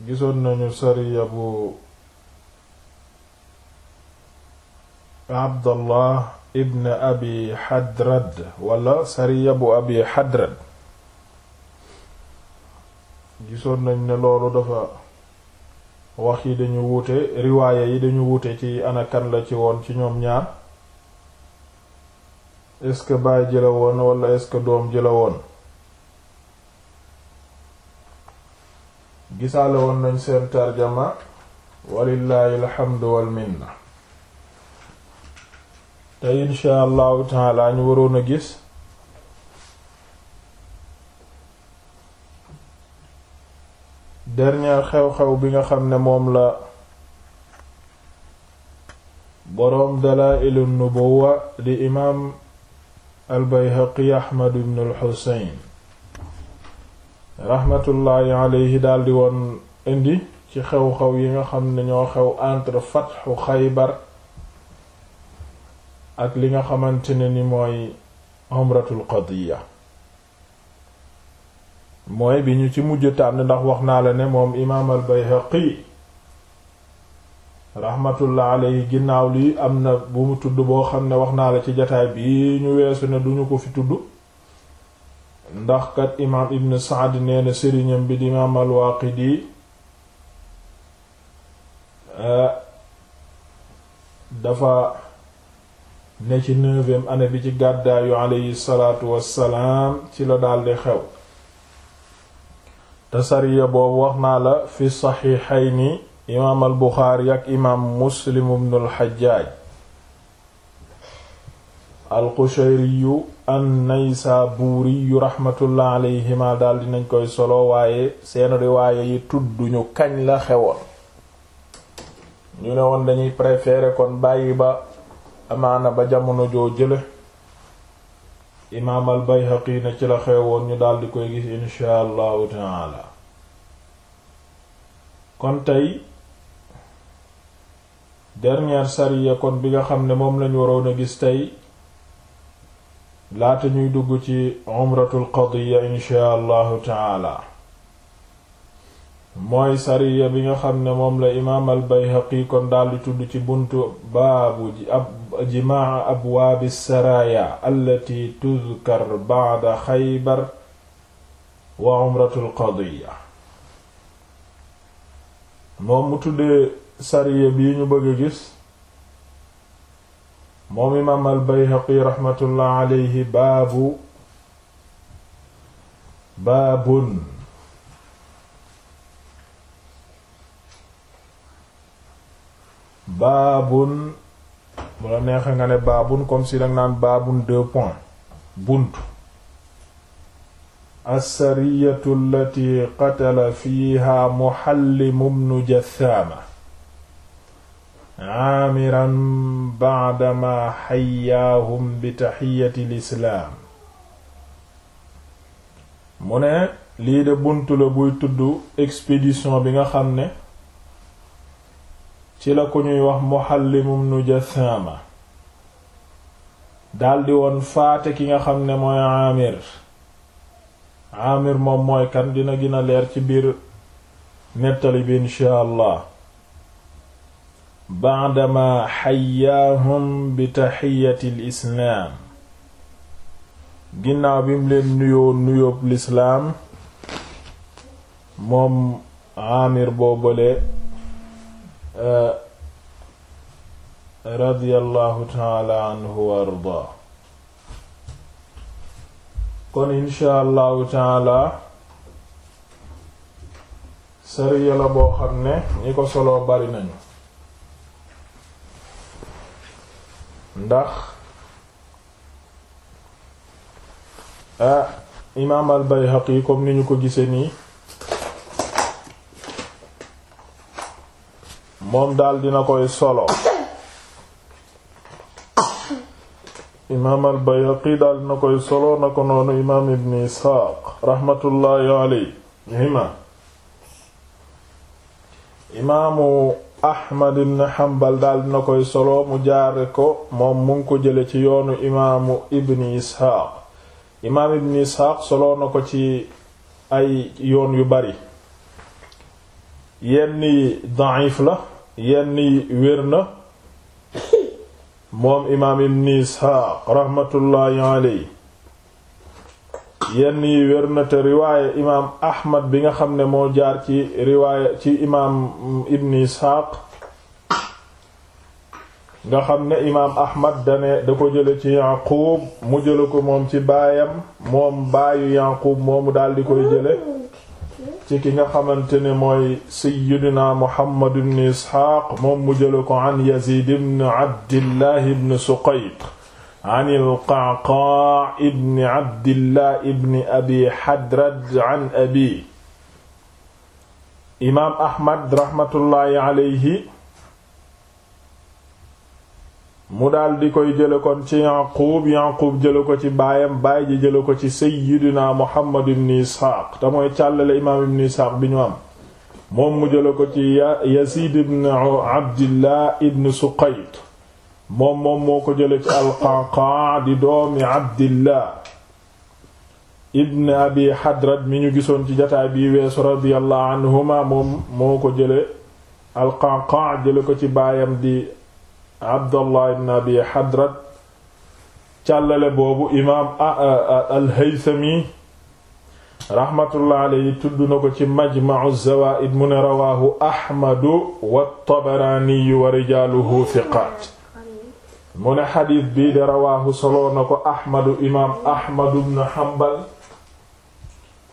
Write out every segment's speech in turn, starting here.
gisoon nañu sariya bu abdallah ibn abi hadrad wala sariya bu abi hadrad gisoon nañ ne loolu dafa wax yi dañu wuute riwaaya yi dañu wuute ci ana la ci woon ci ñoom ñaar est-ce que baay ji la woon doom ji woon gisaale woon nañ seen tarjama walillahi alhamdu wal minna te insha allahu taala ñu waroon a gis dernier xew-xew bi nga xam ne moom la boroom dalaa'ilun nubuwwa di imaam al bayhaqi ahmad ibn raxmatullaahi alayhi daldi woon indi ci xew-xew yi nga xam ne ñoo xew entre fatxu xaybar ak li nga xamante ne ni mooy umratul qadiya mooy bi ñu ci mujj tànn ndax wax naa la ne moom imaam al bayhaqi raxmatullah alayhi ginnaaw lii am na bu tudd boo xam ne wax naa la ci jataay bi ñu weesu ne duñu ko fi tudd ndaxkat kat imaam ibn saad nee bi di imaam al eh, dafa ne ci neuvième année ci gàddaayu aleyhi salaatu wassalaam ci la daldi xew te sariya boobu wax naa la fi saxiixayni imaam al-Buxaari ak imaam Muslim ibn al alqushayriyu an yu rahmatullah alayhima daal nañ koy solo waaye seen riwaaye yi tudduñu kañ la xewoon ñu ne woon dañuy préférer kon bàyyi ba amaana ba jamono joo jële imaam al bayhaqi na ci la xewoon ñu daal di koy gis insha allahu taala kon tey dernière sariya kon bi nga xam ne moom lañu waroon a gis tey laata ñuy dugg ci umratul qadiya inshaa allahu taala mooy sariya bi nga xam ne moom la imaam al kon daldi tudd ci buntu baabu jimaa abwaabi saraaya allati tuzkar ba'da xaybar wa umratul qadiya moom mu tuddee sariya bii ñu bëgg a gis moom imaam al-Bayhaqi raxmatullah alayhi baabu baabun baabun bu la neexee nga ne baabun comme si danga naan baabun deux points bunt as-sariyatu allati qatala fiha Muhallim ibnu Jathama aamiran ba'dama xayyaahum bi taxiyati mu ne lii de bunt la buy tudd expédition bi nga xam ne ci la ko ñuy wax Muhallim ibnu daldi woon faate ki nga xam ne mooy Aamir Aamir moom mooy kan dina gën leer ci biir nettali bi inshaa Allah baadama xayaahum bi taxiyati lislaam ginnaaw bi mu leen nuyoo nuyóob lislaam moom aamir boobale euh, radiyallahu taala anhu kon insha allahu taala sariya la boo xam ne ñi ko solo bari nañu ndax ah imaam al Bayhaqi comme ni ñu ko gisee nii moom daal dina koy solo imaam al Bayhaqi daal dina koy solo na ko noonu imaam Ibn Isxaaq raxmatullaahi alayhima imaamu Ahmad ibn Hanbal daal dina koy solo mu jaare ko moom mu ko jële ci yoonu imaamu ibn Isxaaq imaam ibn Isxaaq solo na ko ci ay yoon yu bari yenn yi da'if la yenn yi wér na moom imaam ibn Isxaaq raxmatullaahi alayhi yenn yi wér na te imaam ahmad bi nga xam ne moo jaar ci riwaayé ci imaam ibn isxaaq nga xam ne imaam ahmad dane da ko jële ci yaqub mu jële ko moom ci baayam moom baayu yaqub moomu daal di koy jële ci ki nga xamante ne mooy sayyidina muhammad ibn isxaaq moom mu jële ko an yazid ibn abdillah ibn suqayt an al-Qa'qaa' mu daal di koy jële kon ci Yaquub Yaquub jële ko ci baayam baay ji jële ko ci Seyyidina Muhammad ibn Isxaaq te mooy càllale imaam ibn Isxaaq bi ñu am moom mu jële ko ci Yaziid ibn Abdillah ibn Suqayt moom moom moo ko jële ci alqaaqaa di doomi abdillah ibn abi hadrad mi ñu gisoon ci jataay bii weesu radiyallahu anhuma moom moo ko jële alqaaqaa jële ko ci baayam di abdallah ibn abi hadrad càllale boobu imaam alhaythami rahmatullah alayhi tudd na ko ci majma'u zawaa'id mu ne rawaahu ahmadu wa tabaraani wa rijaaluhu thiqaat mu ne xadiis bii de rawaahu soloo na ko ahmadu imaam ahmadu bnu hanbal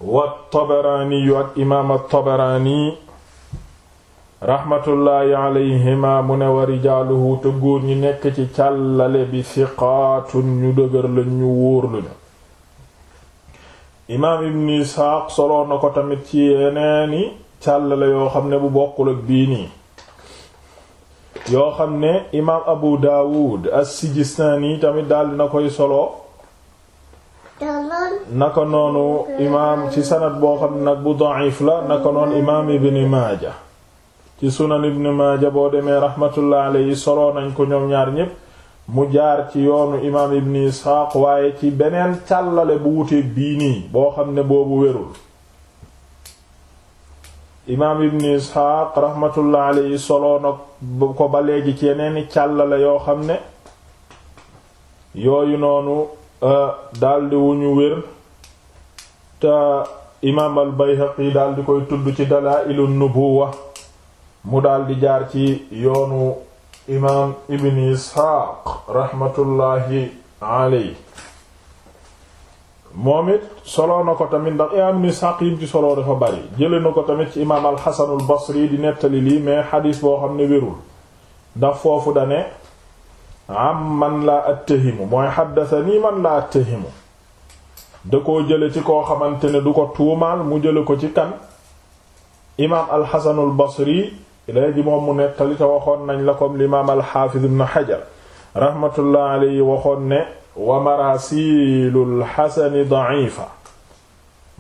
wa tabaraaniyu ak imaam atabaraani raxmatullaahi alayhima mu ne wa rijaaluhu te góor ñi nekk ci càllale bi siqaatun ñu dëgër lañ ñu wóor lañu imaam ibnu isxaaq soloo na ko tamit ci yeneeni càllale yoo xam ne bu bokkul ak bii nii yoo xam ne imaam abu daawud as-sijistaani tamit daal na koy solo naka noonu imaam ci sanad boo xam ne nag bu da'if la naka noonu imaam ibn maaja ci sunan ibn maaja boo demee rahmatullah yi solo nañ ko ñoom ñaar ñépp mu jaar ci yoonu imaam ibn isxaaq waaye ci beneen càllale bu wute bii nii boo xam ne boobu wérul imaam ibn isxaaq rahmatullah alayhi soloo ko ba léegi ci yeneeni càllale yoo xam ne yooyu noonu euh, daldi wu ñu wér te imaam al bayhaqi daldi koy tudd ci dalaa'ilu nubuwa mu daldi jaar ci yoonu imaam ibn isxaaq rahmatullahi alayhi moom it soloo na ko tamit ndax imaam ni sàq yim ci soloo dafa bari jële na ko tamit ci imaam alxasanul basri di nettali lii mais xadiis boo xam ne wérul ndax foofu dane am man laa attahimu mooy xaddasani man laa attahimu da koo jële ci koo xamante ne du ko tuumaal mu jële ko ci kan imaam alxasanul basri léegi moom mu nettali te waxoon nañ la comme l'imaam alxaafiz ibn xajar rahmatullah alayhi waxoon ne wa maraasiilul xasani da'ifa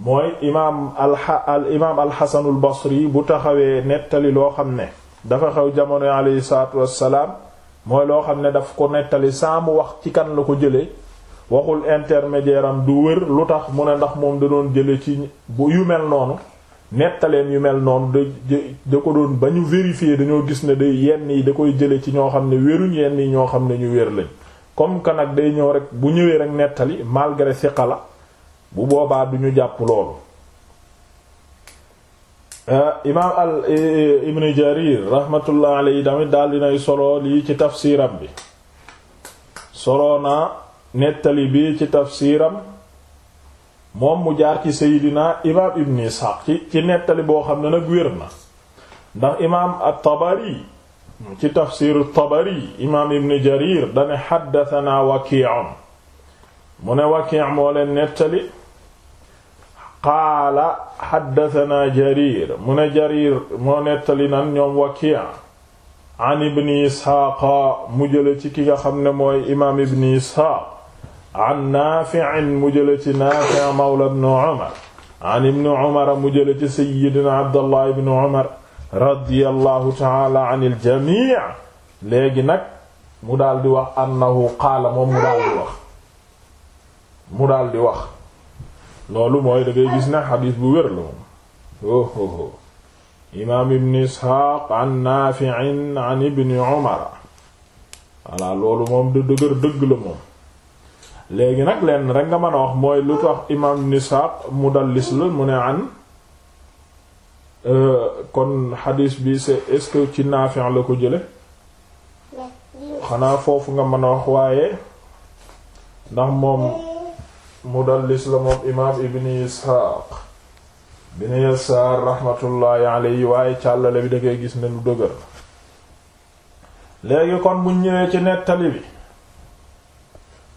mooy imaam al imaam alxasanul basri bu taxawee nettali loo xam ne dafa xew jamono yi aleyhi salaatu mooy loo xam ne daf ko nettali saa mu wax ci kan la ko jële waxul intermédiaire am du wër lu tax mu ne ndax moom da doon jële ci bu yu mel noonu nettaleen yu mel noonu da da ko doon ba ñu vérifier dañoo gis ne day yenn yi da koy jële ci ñoo xam ne wéruñ yenn yi ñoo xam ne ñu wér lañ comme que nag day ñëw rek bu ñëwee rek nettali malgré siqa la bu boobaa duñu ñu jàpp loolu euh, imaam al e, e, ibn jarir rahmatullah alayhi tamit daal dinay solo lii ci tafsiram bi solo na nettali bi ci tafsiram moom mu jaar ci seydina imaam ibn ishaq ci nettali boo xam ne nag wér na ndax imaam at-tabari ci tafsiru tabari imaam ibn jarir dane xaddatanaa wakii'un mu ne wakii' moo leen nettali qaala xaddatanaa jarir mu ne jarir moo nettali nan ñoom wakii' an ibni isxaaqa mu jële ci ki nga xam ne mooy imaam ibni isxaaq an naafi'in mu jële ci naafi' mawla ibn umar an ibni umar mu jële ci sayyidina abdallah ibn umar radiyallahu taala an il léegi nag mu daldi wax annahu qaala moom mu daal di wax mu daal wax loolu mooy da gis ne xadiis bu wér la moom imaam ibn isxaaq an naafi'in an ibni umara voilà loolu moom du dëgër dëgg la moom léegi nag leen rek nga mën a wax mooy lu tax imaam ibn isxaaq mudallis la mu ne an Euh, kon xadiis bi c'est est ci Naafi' la ko jële xanaa foofu nga mën a wax waaye ndax moom mudallis la moom imaam ibn Isxaaq ibn Yasaar raxmatullaahi alayhi waaye càllale bi da ngay gis ne lu dëgër léegi kon bu ñëwee ci nettali bi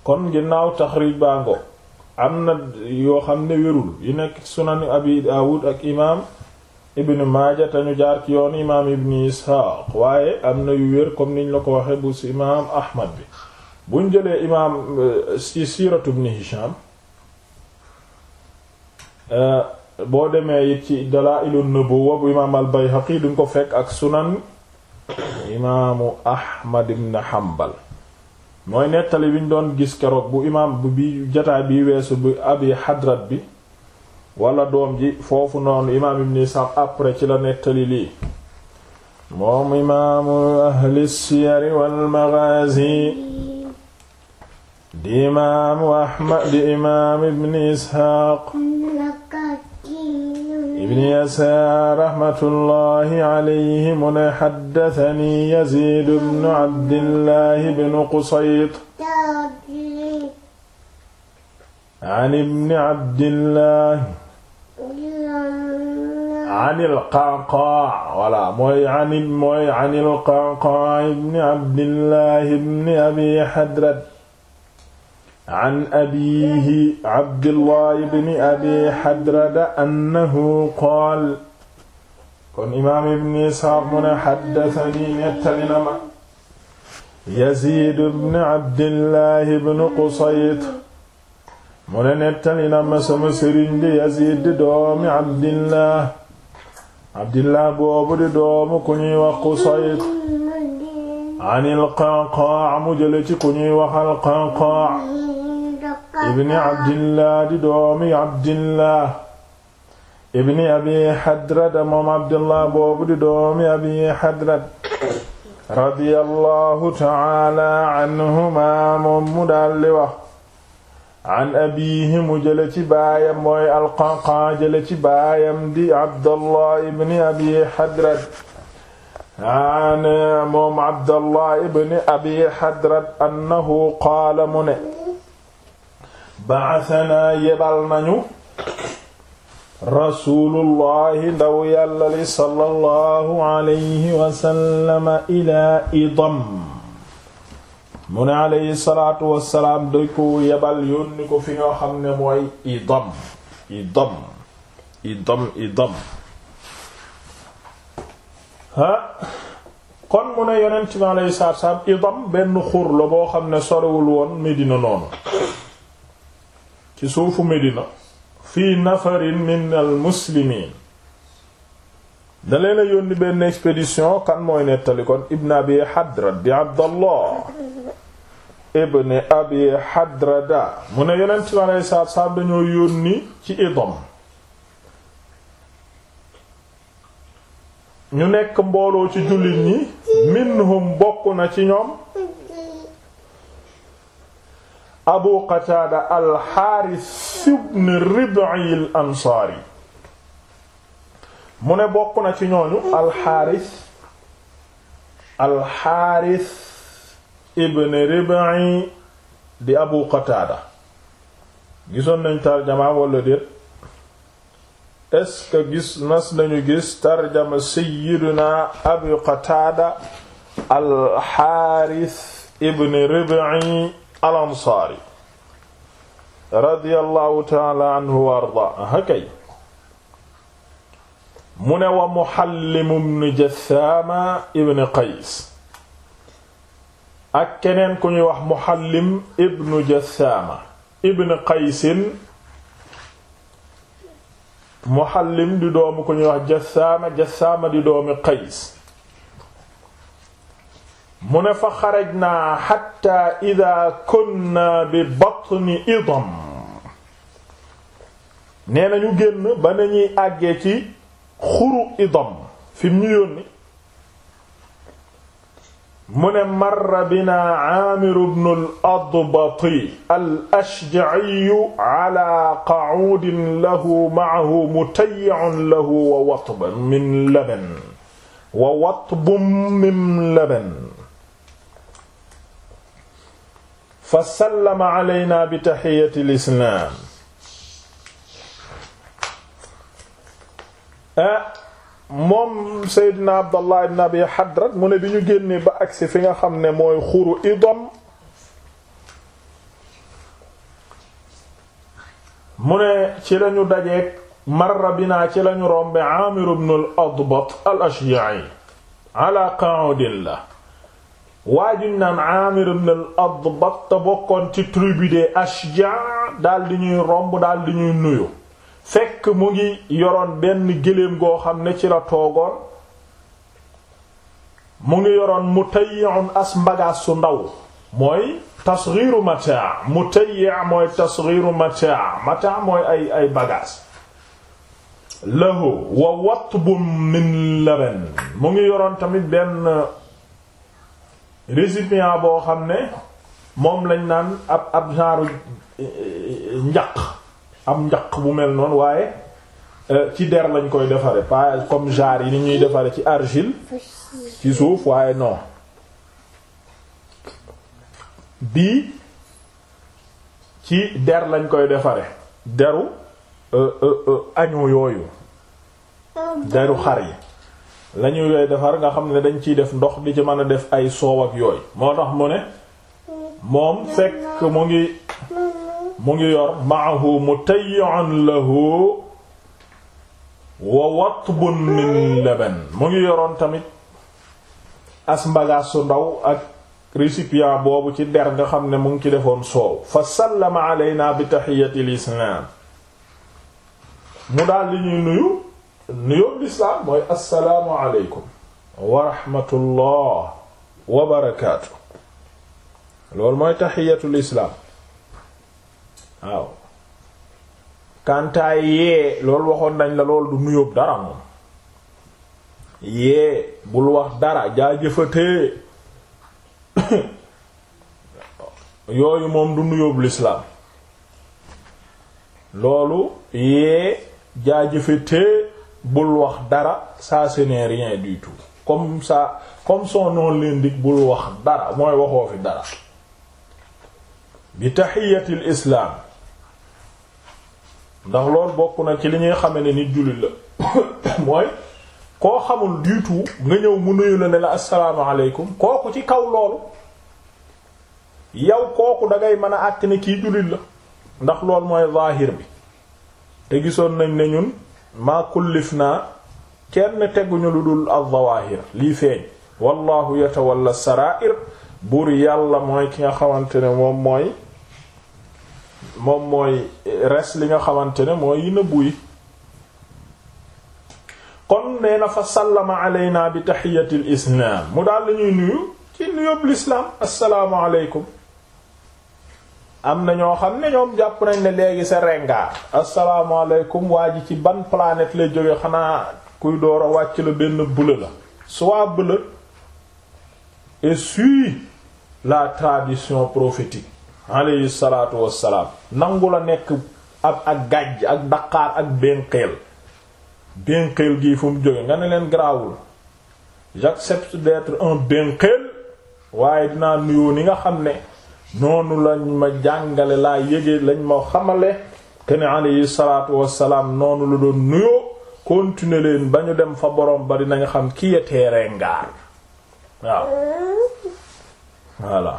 kon ginnaaw taxriij baa am na yoo xam ne wérul yi nekk sunani abi Daawud ak imaam ibn maaja te ñu jaar ci yoon imaam ibn isxaaq waaye am na yu wér comme niñ la ko waxee bu si imaam ahmad bi buñ jëlee imaam euh, ci siiratu ibn hisham euh, boo demee it ci dalaa'ilu nubuwwa bu imaam al bayhaqi duñ ko fekk ak sunan imaamu ahmad ibn hanbal mooy nettali buñ doon gis keroog bu imaam bu bi jataay bi weesu bu abi hadrat bi wala doom ji foofu noonu imaam ibn Isxaaq après ci la nettali lii moom imaamu ahli siyari wal maghaazi di imaamu Ahmad di imaam ibn Isxaaq ibn Yasaar raxmatullahi alayhi mu ne xaddatani Yaziid ibn Abdillahi ibn Qusayt an ibn Abdillahi anil qanqa wala mooy anil mooy anil qanqa ibn abdillah ibn abi hadrat an abiihi abdillah ibn abi hadrada annahu qaal kon imaam ibn Isxaaq mu ne haddathanii nettali na ma Yaziid ibn abdillah ibn Qusayt mu ne nettali na ma sama sëriñ di Yaziid doomi abdillah abdillah boobu di doomu ku ñuy wax Qusayt anil Qanqaa mu jële ci ku ñuy wax al Qanqaa ibni abdillah di doomi abdillah ibni abi Hadrad moom abdillah boobu di doomi abi Hadrad radiyallahu ta'ala anhuma moom mu dalli wax an abiihi mu jële ci baayam mooy alqanqan jële ci baayam di abdallah ibni abi hadrat an moom abdallah ibni abi hadrat annahu qaala mu ne ba'athanaa yebal nañu rasulullahi ndaw yàlla li sallallahu alayhi wa sallam ila idam mu ne alayhi salaatu wassalaam da ko yebal yónni ko fi nga xam ne mooy idam idam idam idam ha kon mu ne yonent bi alayhi salaatu wassalaam idam benn xur la boo xam ne sorewul woon Medina noonu ci suufu Medina fii nafarin min al muslimiin da leen yónni benn expédition kan mooy nettali kon ibn abi hadrad di abdallah ibn abi hadrada mu ne yonent bi aleyi salaatu dañoo yónni ci idom ñu nekk mbooloo ci jullit ñi minhum bokk na ci ñoom abu qataada alxaaris ibn rib'i ansaari mu ne bokk na ci ñooñu alxaaris alxaaris ibn Rib'i di Abu Qataada gisoon nañ tarjama walla déet est-ce que gis nas nañu gis tarjama sayyiduna Abu Qataada alxaaris ibn Rib'i al-Ansaari radiyallahu ta'ala anhu wa ardaa mu ne wa Muhallim ibn Jassaama ibn Qays ak keneen ku ñuy wax Muhallim ibn Jassaama ibn Qaysin Muhallim di doomu ku ñuy wax Jassaama Jassaama di doomi Qays mu ne fa xarajnaa xatta idaa kunna bi batni Idam nee nañu génn ba nañuy àggee ci xuru idom fi mu ñu yónni mu ne marra bina aamiru bnu al adbati al ashjaciyu ala qacuudin lahu macahu mutayacun lahu wa watban min laban wa watbun min laban fa sallama calaynaa bi taxiyati lislaam Eh, moom Seydina Abdallah ibn Hadrat mu ne bi ñu génnee ba agsi fi nga xam ne mooy xuru idom mu ne ci lañu dajeek marra binaa ci lañu rombe Aamir ibn al-Adbat al-Ashja'i ala waa juñ naan Aamir ibn adbat te bokkoon ci tribu des Ashja' daal di ñuy romb daal di ñuy nuyu fekk mu ngi yoroon benn gëléem goo xam ne ci la toogoon mu ngi yoroon mutayyi'un as mbagaas su ndaw mooy tasghiru mata' mutayyi' mooy tasghiru mata' mata' mooy ay ay bagaas lahu wa watbun min laban mu ngi yoroon tamit benn récipient boo xam ne moom lañ naan ab ab genre eh, eh, njaq am njaq bu mel noonu waaye euh, ci der lañ koy defaree pas comme genre yi ni ñuy defaree ci argile ci suuf waaye non bii ci der lañ koy defare deru euh, euh, agneau yooyu deru xar yi lañu yooy defar nga xam ne dañ ciy def ndox di ci mën a def ay soow ak yooy moo tax mu ne moom fekk mu ngi mu ngi yor maahu mutayyan lahu wa min laban mu ngi yoroon tamit as mbagaas su ndaw ak récipient boobu ci der nga xam ne mu ngi ci soow fa sallama aleyna bi taxiyati lislaam mu daal li ñuy nuyu nuyoo mooy assalaamu aleykum wa rahmatullah wa mooy taxiyatul islaam waaw kantaay yee loolu waxoon nañ la loolu du nuyóob dara moom yee bul wax dara jaajëfatee yooyu moom du nuyóob lislaam loolu yee jaajëfatee bul wax dara ça ce rien du tout comme ça comme son nom l'indique bul wax dara mooy waxoo fi dara bi tahiyatil islam ndax loolu bokk na ci li ñuy xame ne nit jullit la mooy koo xamul du tout nga ñëw mu nuyu la ne la asalaamaaleykum kooku ci kaw loolu yow kooku dangay mën a àtt ne kii jullit la ndax loolu mooy zaahir bi te gisoon nañ ne ñun maa kullif naa kenn teguñu lu dul az-zawaahir lii feeñ wallahu yatawalla sarair buur yàlla mooy ki nga xamante ne moom mooy moom mooy res li nga xamante ne mooy yi nëbbu yi kon nee na fa sallama aleyna bi taxiyati l islaam mu daal la ñuy nuyu ci nuyób lislaam assalaamu aleykum am na ñoo xam ne ñoom jàpp nañ ne léegi sa rengaar assalaamu aleykum waa ji ci ban planète lay jóge xanaa kuy door a wàcc la benn bleu la soit bleu et suit la tradition prophétique alayhi salaatu wassalaam nangu la nekk ab ak gàjj ak daqaar ak benqeel benqeel gi fum mu jóge nga ne leen garaawul j'accepte d'être un benqeel waaye dinaa nuyoo ni nga xam ne noonu lañ ma jàngale laa yége lañ ma xamale te ne alayhi salaatu wassalaam noonu la doon nuyoo continuer leen ba ñu dem fa borom ba dinañ xam ki teere ngaar waaw voilà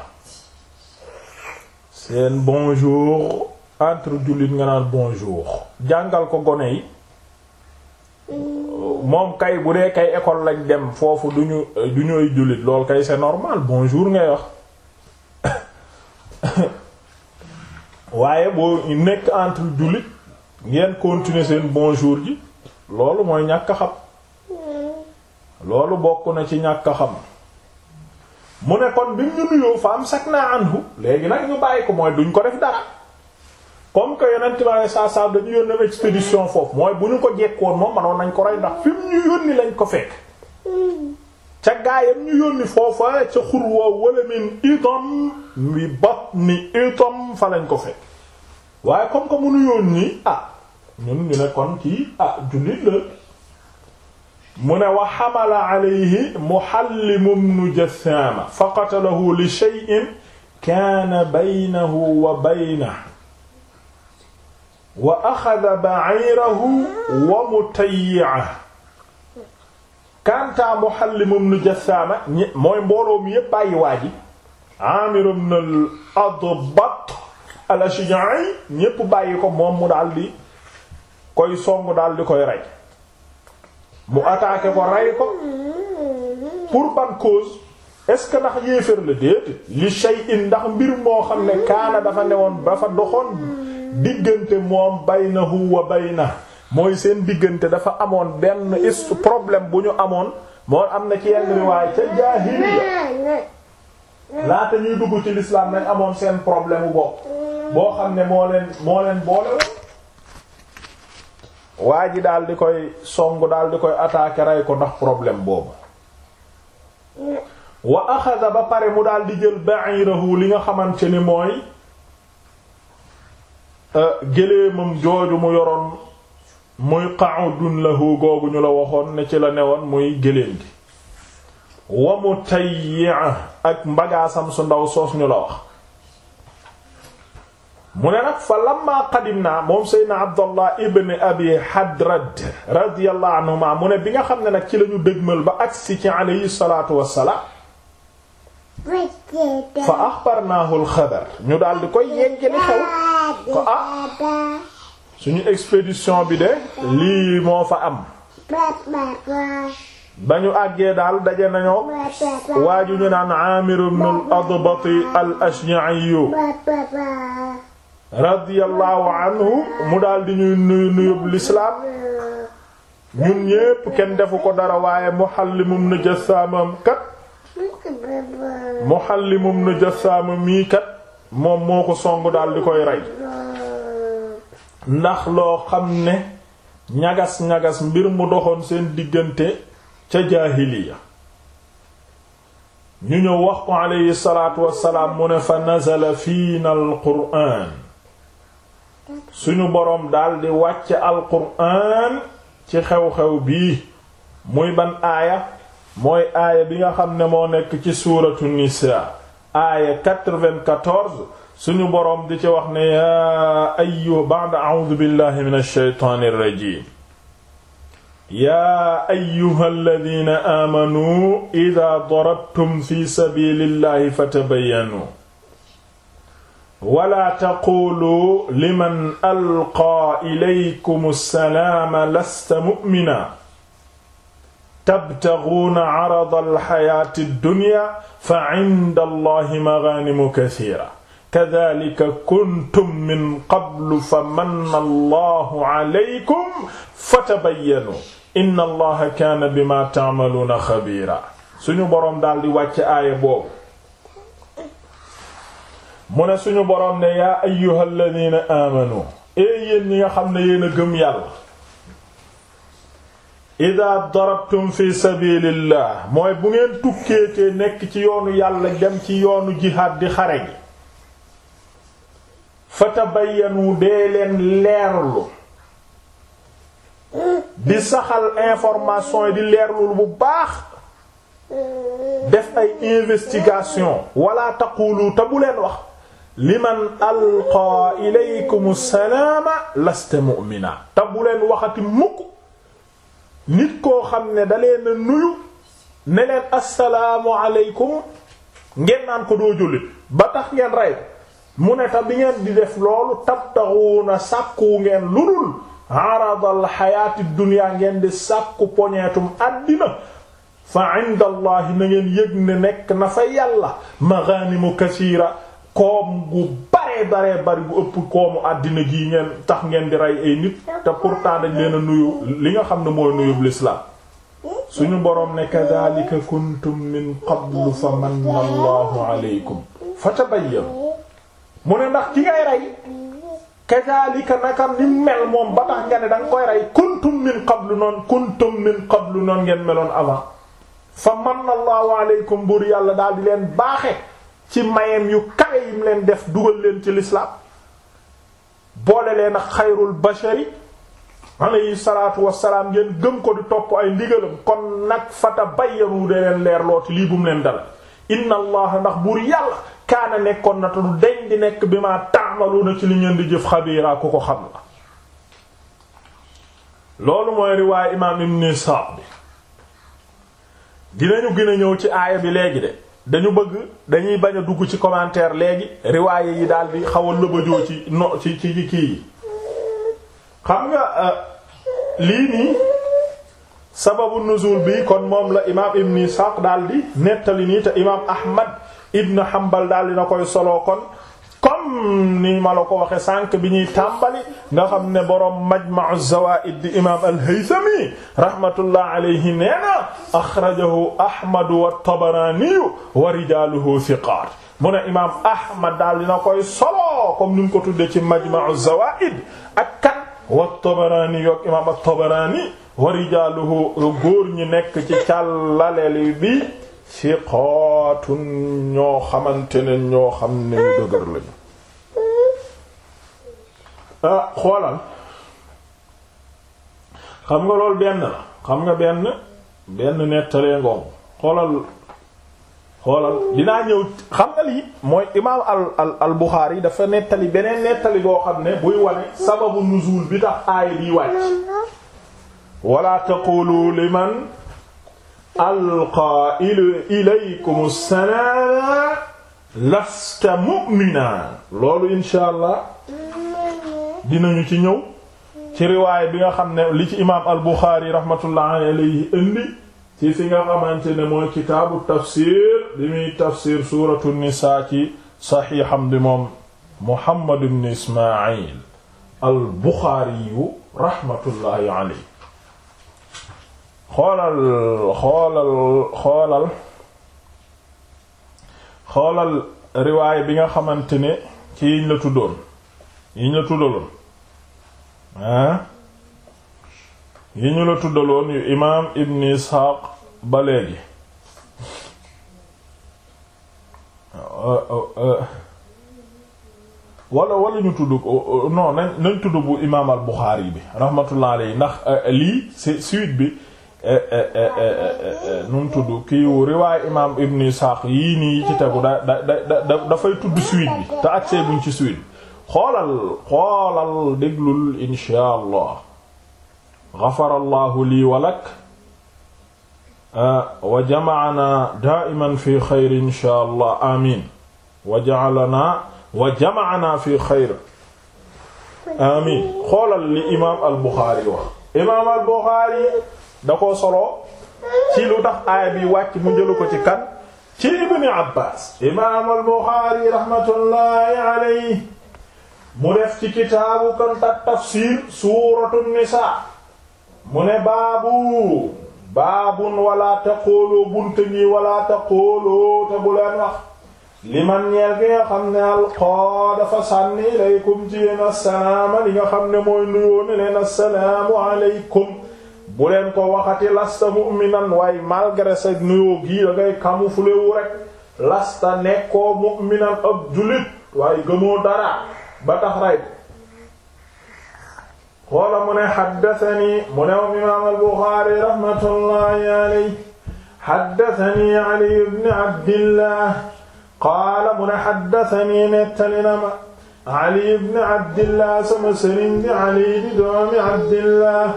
seen bonjour entre jullit nga naan bonjour jàngal ko gone yi moom kay bu dee kay école lañ dem foofu du ñu du ñooy jullit lool kay c'est normal bonjour ngay wax waaye boo nekk entre jullit ngeen continuer seen bonjour ji loolu mooy ñàkk xam loolu bokk na ci ñàkk xam mu nekkoon kon bi ñu nuyoo fa am sakk naa anhu léegi nag ñu bàyyi ko mooy duñ ko def dara comme que yonent bi alayhi salaatu salaam dañu yónnee expédition foofu mooy bu ñu ko jekkoon moom manoon nañ ko rey ndax fi mu ñu yónni lañ ko fekk ca gaayam ñu yónni foofa ca xur waa wala min itam mi bat ni itam fa lañ ko fekk waaye comme que mu nu yónni ah ñun ñu ne kii ah jullit la mu ne wa xamala alayhi muxallimu bnu jasaama fa qatalahu li shay'in kaana baynahu wa baynahu wa axada ba'iirahu wa mutayyi'ahu kaantaa muxallimu bnu jasaama mooy mbooloo mi yépp bàyyi waa ji aamiru bnu al-adbat al-ashja'i ñépp bàyyi ko moom mu daldi koy song daldi koy rey mu attaqué ko rey ko pour ban cause est-ce que ndax yéefér la déet li shay'in ndax mbir moo xam ne kaana dafa newoon dafa doxoon diggante moom baynahu wa bayna mooy seen diggante dafa amoon benn ist problème bu ñu amoon moo am na ci yenn riwaay ca jaahiliya laata ñuy dugg ci l'islam amoon seen problème bu boo xam ne moo leen moo leen boole waa ji daal di koy song daal di koy attaquer rey ko ndax problème boobu wa axada ba pare mu daal di jël ba ba'irahu li nga xamante ni mooy euh, géléemam jooju mu yoroon muy qa'udun lahu googu ñu la waxoon ne ci la ne woon muy géléem gi wa mutayyi'a ak mbagaasam su ndaw soos ñu la wax mu ne nag fa lamma qadimna moom seydna abdallah ibn abi hadrad radiyallahu mu ne bi nga xam ne nag ci lañu dëgmal ba agsi ci alayhi salaatu wassalaam fa axbarnaahu alxabar ñu daal di koy yegg li xew ko ah suñu expédition bi de lii moo fa am ba ñu àggee daal daje nañu waaju ñu naan aamir ibn al adbati radiyallahu anhu mu daldi di ñuy nuyu nuyub lislaam ñun ñépp kenn defu ko dara waaye Muhallimum na jassaamam moom moo ko song daal koy rey ndax loo xam ne ñagas-ñagas mbir mu doxoon seen diggante ca jaahiliya ñu ñëw wax ko aleyhi salaatu mu ne fa nazala fiina quraan suñu boroom daldi wàcc alquraan ci xew-xew bii muy ban aaya mooy aaya bi nga xam ne moo nekk ci suuratu nisaa aaya 94 suñu boroom di ci wax ne yaa ayu ba'da a'uudu billahi minash shaytaanir rajiim yaa ayyuhal ladiina aamanuu idaa darabtum fi sabiilillahi fatabayyanuu wala taqulu liman alqaa ilaykum assalaama lasta mu'mina tabtaguuna carada alxayaati addunya fa cinda allahi magaanimu kasiira kadalika kuntum min qablu fa manna allahu calaykum fatabayyanu inna allaha kaana bimaa tacmaluuna xabiira suñu boroom daal di wàcc aaya boobu mu ne suñu boroom ne yaa ayyuhal ladina amanu ee yéen ñi nga xam ne yéen gëm yàlla ida darabtum fi sabilillah mooy bu ngeen tukkeetee nekk ci yoonu yàlla dem ci yoonu jihaad di xare gi fatabayyanu dee leen leerlu di saxal information di leerlul bu baax def ay investigation walaa takkulu te bu leen wax liman alqaa ilaykum salaama lasta mu'mina te bu leen waxati mukk nit koo xam ne da leen a nuyu ne leen assalaamu alaykum ngeen naan ko doo jullit ba ngeen rey mu ne te bi ngeen di def loolu tabtaxuuna sàkku ngeen lu dul aradal xayaati ngeen di sàkku poñeetum àddina fa inda allahi na nekk na yàlla maganimu koom gu baree baree bari ëpp koomu àddina gi ngeen tax ngeen di rey ay nit te pourtant dañ leen a nuyu li nga xam ne mooy nuyub l'islam suñu boroom ne kadhalika kuntum min qablu fa manna allahu alaykum fatabayyan mu ne ndax ki ngay rey kadhalika nakam ni mel moom ba tax nga ne da nga koy rey kuntum min qablu noon kuntum min qablu noon ngeen meloon avant fa manna allahu alaykum buur yàlla daal di leen baaxe ci mayem yu kawe yim leen def dugal leen ci lislaam boole leen ak xayrul bashari alayhi salaatu wassalaam ngeen gëm ko di topp ay ndigalam kon nag fata bayyanu de leen leer looti lii bumu leen dala inna allaha ndax buur yàlla kaana nekkoon na te du di nekk bi ma taamalu na ci li ngeen di jëf xabiiraa ku ko xam la loolu mooy riwaay imaam ibn Sa'd bi dinañu gën a ñëw ci aaya bi léegi de dañu bëgg dañuy bañ a dugg ci commentaire léegi riwaaye yi daal di xaw a lëbëjoo ci no ci ci kii yi xam nga euh, lii nii sababu nuzul bi kon moom la imaam ibn Ishaq daal di nettali nii te imaam Ahmad ibn Hanbal daal na koy soloo kon comme ni ma la ko waxe sànq bi ñuy tàmbali nga xam ne borom majma'u zawaid di imam al-Haythami rahmatullah alayhi nee na axrajahu Ahmad wa Tabarani wa rijaluhu thiqat mu ne imam Ahmad daal dina koy solo comme ni ko tudde ci majma'u zawaid ak kan wa Tabarani imam at-Tabarani wa rijaluhu góor nekk ci càllaleel bi siqaatun ñoo xamante ne ñoo xam ne ñu lañu ah, xoolal xam nga lool benn la xam nga benn benn nettalee ngoom xoolal xoolal dinaa ñëw xam nga lii mooy imaam al al al Buxaari dafa nettali beneen nettali boo xam ne buy wane sababu nuzuul bi tax aaya bi wàcc wala taqulu liman alqaa ilaykum salaama lasta mu'mina loolu insha allah dinañu ci ñëw ci riwaay bi nga xam ne li ci imaam al buxaari rahmatullah alayhi indi ci fi nga xamante ne mooy kitaabu tafsir li muy tafsir suuratu nisaa ci saxiixam bi moom muhammad ibn ismaayil al buxaari yu rahmatullahi alayhi xoolal xoolal xoolal xoolal riwaay bi nga xamante ni ci yiñ la tuddoon yiñ la tuddaloon ah yi ñu la tuddaloon yu imaam ibn isxaaq ba léegi wala wala ñu tudd non nañ nañ tudd bu imaam al bi rahmatullah alayhi ndax euh, lii c'est suite bi Eh, eh, eh, nu tudd kii riwaay imaam Ibn Ishaq yii nii ci dafay tudd suite bi te ak see buñ ci suite bi xoolal xoolal déglul inshaa allah gafara lii wa lak wa jama'ana daa'iman fi xayr inshaa allah amiin wa fi xayr amiin xoolal li imaam al Buxaari wax da koo soloo ci lu tax aaya bi wàcc mu jëlu ko ci kan ci ibni abbas imam al-Bukhari rahmatullahi alayhi mu def ci kitaabu kontak tafsir suratu nisa mu ne baabu baabun wala taqooloo bunta ngi wala taqooloo te bu leen wax liman ñeel gi nga xam ne alqaa dafa sànni ilaykum ci yéen assalaama li nga xam ne mooy nuyoo ne leen assalaamu alaykum bu leen ko waxati lasta mu'minan waaye malgré sa nuyoo gii da ngay camouflé lasta nekkoo mu'minan ab jullit waaye gëmoo ba tax rey xoola xaddatani mu ne imaam al-Buxaari rahmatullahi alayhi xaddatani Ali ibn Abdillah qaala mu Ali ibn doomi Abdillah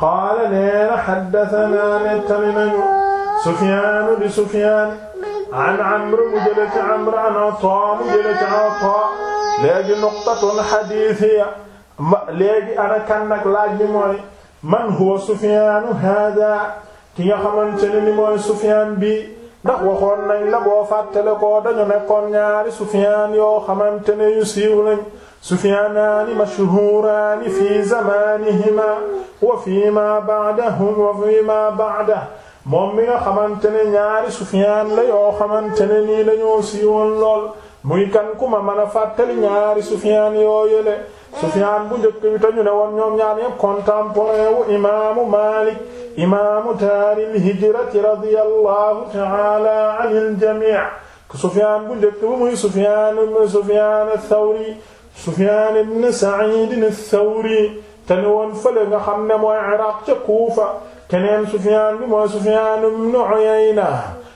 qaala neena xaddatanaa nettali nañu sufiaanu di sufiaan an amr mu jële ci amr an ataa mu jële ci ataa léegi nuqtatun xadiisiya léegi ana kan nag laaj bi mooy man huwa sufiaanu haada ki nga xamante ne ni mooy sufiyaan bi ndax waxoon nañ la boo fàttale ko dañu nekkoon ñaari sufiyaan yoo xamante ne yu siiw lañ sufyaanaani mashhuuraani fi zamaanihimaa wa fi ma ba'dahum wa fi ma ba'dahu moom mi nga xamante ne ñaari sufyaan la yoo xamante ne nii dañoo siiwoon lool muy kan ku ma mën a fàttali ñaari sufyaan yoo yële sufyaan bu njëkk bi te ñu ne woon ñoom ñaar yépp contemporain wu imaamu Maalik imaamu daaril hijrati radiyallahu ta'ala anil jamii' sufyaan bu njëkk bi muy sufyaan ibn sufyaan ath-Thawri Sufyaan ibn Sa'iid ath-Thawri te ne woon fële nga xam ne mooy Iraq ca Kuufa keneen Sufyaan bi mooy Sufyaan ibn Uyayna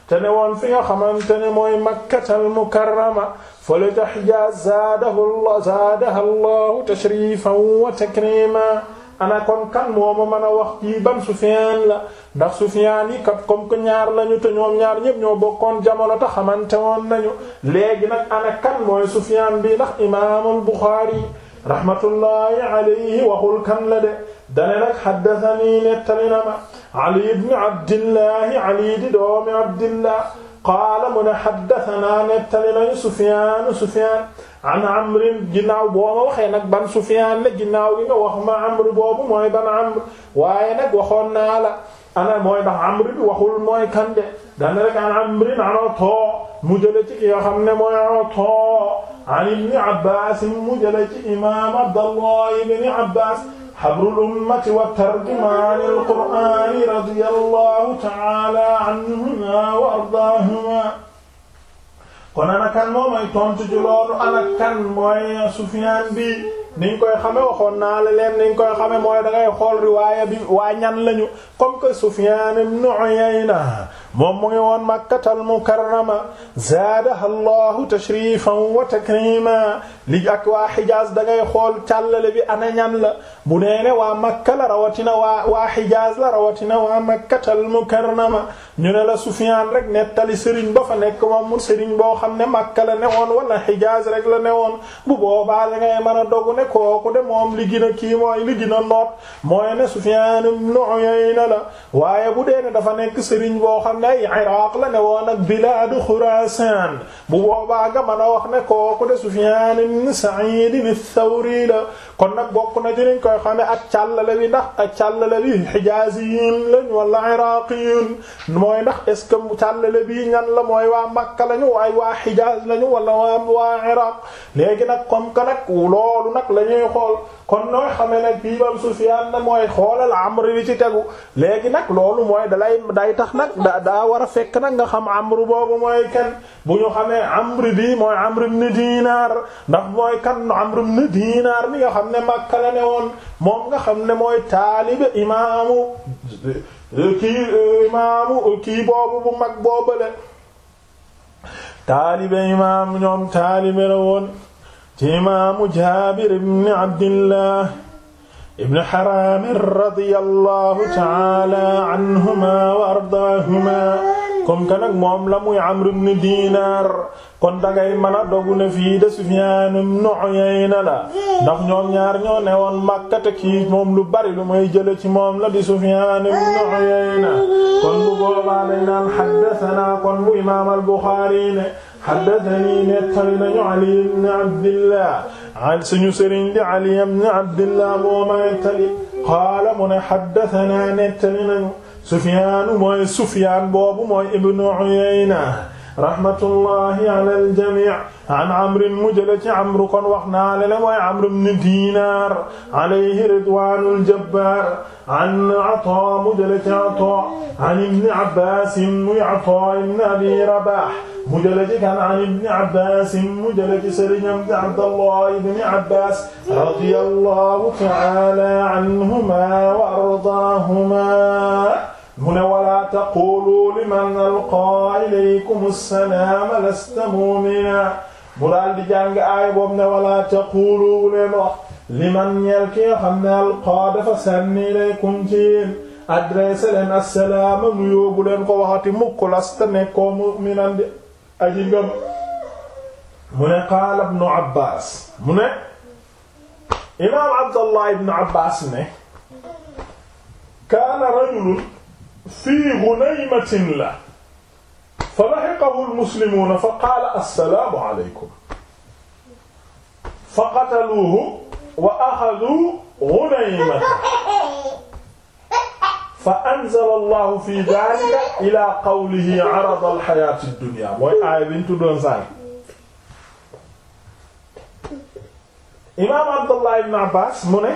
te ne woon fi nga xamante ne mooy Makkatal Mukarrama fële ca Hijaaz zaadahu Allah zaadaha Allahu tashrifan wa takriman ana kon kan moo ma mën a wax kii ban Sufyaan la ndax Sufyaan yi kat comme que ñaar lañu te ñoom ñaar ñépp ñoo bokkoon jamono te xamante woon nañu léegi nag ana kan mooy Sufyaan bi ndax imaamul Buxaari rahmatullahi alayhi waxul kan la de dane nag haddathanii nettali na ma Ali ibn Abdillahi Ali di doomi Abdillah qaala mu ne xaddatanaa nettali nañu Sufyaan Sufyaan an amrin ginnaaw boo ma waxee nag ban Sufyaan la ginnaaw gi nga wax ma amr boobu mooy ban amr waaye nag waxoon naa la ana mooy ndax amr bi waxul mooy kan de dana rek an amrin an Ataa mu jële ci ki nga xam ne mooy Ataa an ibni Abbaas mu jële ci imaam Abdallah ibni Abbaas habrul ummati wa tarjumaanil qur'aani radiyallahu ta'ala anhumaa wa ardaahumaa kon ana kan moo may tontu ci loolu ana kan mooy Sufyaan bi niñ koy xame waxoon naa la leen niñ koy xame mooy da ngay xool riwaaya bi waa ñan lañu comme que Sufyaan ibn Uyayna moom mu ngi woon Makkatal Mukarrama zaadaha Allahu tashrifan wa takrima li ak wa Hijaaz da ngay xool càllale bi ana ñan la bu nee ne wa Makka la rawatina wa waa Hijaaz la rawatina wa waa Makkatal Mukarrama ñu ne la Sufyaan rek nettali Serigne ba fa nekk moom mu Serigne boo xam ne Makka la newoon wala Hijaaz rek la newoon bu boobaa da ngay mën a kooku de moom li gën a kii mooy li a noot mooy ne Sufyaan ibn Uyayna la waaye bu dee ne dafa nekk sëriñ boo xam ne ay Iraq la ne woon ak bilaad Xuraasaan bu boobaa nga mën a wax ne kooku de Sufyaan ibn Sa'iid ath-Thawri la kon nag bokk na dinañ koy xame ak càllale wi ndax ak càllale bi xijaaziyin lañ wala iraqiyin mooy ndax est ce que càllale bii ñan la mooy waa Makka lañu waaye waa Xijaaz lañu wala waa waa Iraq léegi nag comme que nag loolu nag la xool kon nooy xamee ne bii bam Sufyaan na mooy xoolal amru bi ci tegu léegi nag loolu mooy dalay day tax nag da war a fekk nag nga xam amru boobu mooy ken bu ñu xamee amru bi mooy amru ibn diinaar ndax mooy kan amru ibn diinaar mi nga xam ne Makka la ne woon moom nga xam ne mooy taalibe imaamu kii imaamu kii boobu bu mag boobale taalibe imaam ñoom taalibe la woon ci imaamu jaabir ibn abdillah ibn haram radiyallahu ta'ala anhuma wa ardaahuma comme que moom la muy amr ibn diinaar kon dangay mën a dogu ne fii de Sufyaan ibn la ndax ñoom ñaar ñoo newoon Makka te moom lu bari lu may jële ci moom la di Sufyaan ibn Uyayna kon bu boobaa dañ naan haddasanaa kon bu imaam al-Buxaari xaddatani nettali nañu Ali ibn Abdillah an suñu sëriñ di Ali ibn Abdillah mooma nettali qaala mu ne xaddatanaa nettali nañu Sufyaan mooy Sufyaan boobu mooy ibn Uyayna rahmatullahi ala aljami an amrin mu jële ci amru kon wax naa lele mooy amru ibn dinar alayhi ridwanul jabbar an ata mu jële ci ata an ibn abbas muy ata ibn abi rabah mu jële ci kan an ibn abbas mu jële ci sëriñam di abdallah ibn abbas radiyallahu ta'ala anhuma wa ardaahuma mu ne wala taqulu liman alqaa ilaykum assalaama lasta mu'mina mu di jàng aay boobu ne wala taqulu liman ñeel ki nga xam ne alqaa dafa sànni ilaykum ci yéen ko waxati mukk lasta nekkoo di aji ngëm mu ne qaala Abbaas mu ne imaam Abdallah Abbaas ne kaana rajulun fii ghunaymatin la fa lahiqahu al-muslimuuna fa qaala assalaamu aleykum fa qataluuhu wa axaduu ghunaymata fa anzala allahu fi daalika ilaa qawlihi arada al-hayaati ad-dunyaa mooy aaya bi ñu tuddoon sànq. imaam Abdullah ibn Abbaas mu ne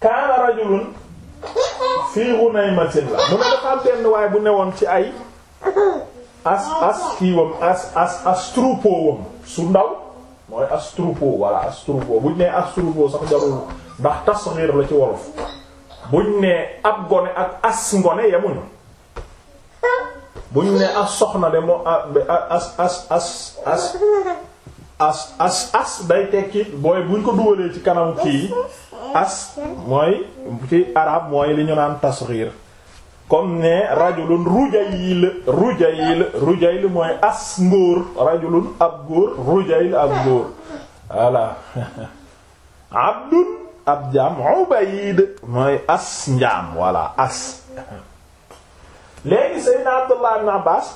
kaana rajulun fii Ghunaymatin la mu ne dafa am benn waaye bu newoon ci ay as as kiiwam as as as troupeau wam su ndaw mooy as troupeau walla as troupeau buñ nee as troupeau sax jarul ndax tasghir la ci wolof buñ nee ab gone ak as ngone yemuñu buñ nee as soxna de moo as as as as as as as day tekki booy buñ ko dugalee ci kanam kii as mooy ci arab mooy li ñu naan tasghir comme ne rajulun rujayl rujayl rujayl mooy as ngóor rajulun ab góor rujayl ab góor voilà abdun ab jaam ubayd mooy as njaam voilà as léegi sayyidna Abdullah ibn Abbas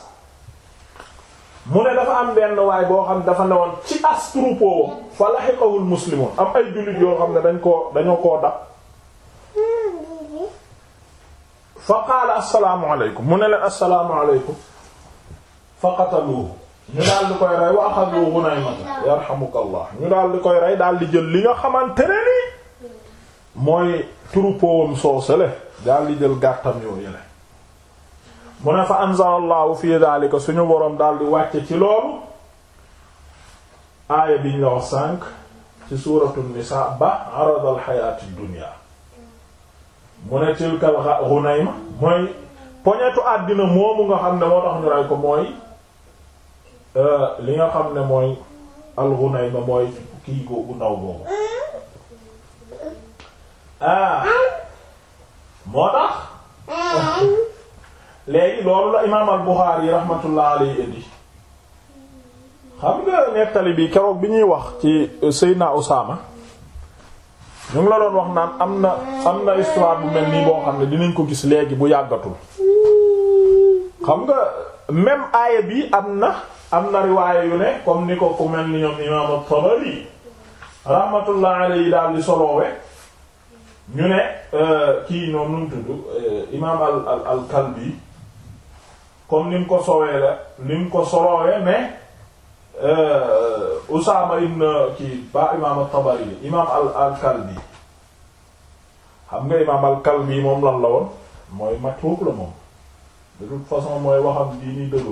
mu ne dafa am benn waay boo xam dafa ne newoon ci as troupeau fa lahiqahul muslimun am ay jullit yoo xam ne dañ koo dañoo koo dab fa qaala assalaamu alaykum mu ne leen assalaamu alaykum fa qataluhu ñu daal di koy rey wa axadu ghunaymata yarhamukallah ñu daal di koy rey daal di jël li nga xamante ne nii mooy troupeau am soosale daal di jël gàttam yoo yële mu ne fa anzalallahu fi daalika suñu wàcce ci loolu aaya biñ la wax ci suuratu nisaa ba arada alxayaati dunya mu ne tilkal ghunayma mooy poñetu àddina moomu nga xam ne moo tax ñu rey ko mooy euh, li nga xam ne mooy al ghunayma mooy kii googu ndaw boobu ah, moo tax mm. léegi loolu la imaam al Buxaari rahmatullah alayhi indi xam nga nettali bi keroog bi ñuy wax ci Seydina Usaama ñu ngi la doon wax naan am na am na histoire bu mel nii boo xam ne dinañ ko gis léegi bu yàggatul xam nga même aaya bi am na am na riwaaya yu ne comme ni ko ku mel ni ñoom imaam at-Tabari rahmatullah alayhi daal di soloowe ñu ne euh, kii ñoom nu mu euh, imaam al al Kalbi comme ni mu ko sowee la mu ko solowee mais euh, Usaama ibn kii ba imaam at-Tabari imaam al al xam nga imaam al moom lan la woon mooy matruuk la moom de toute façon mooy waxam bii nii dëgg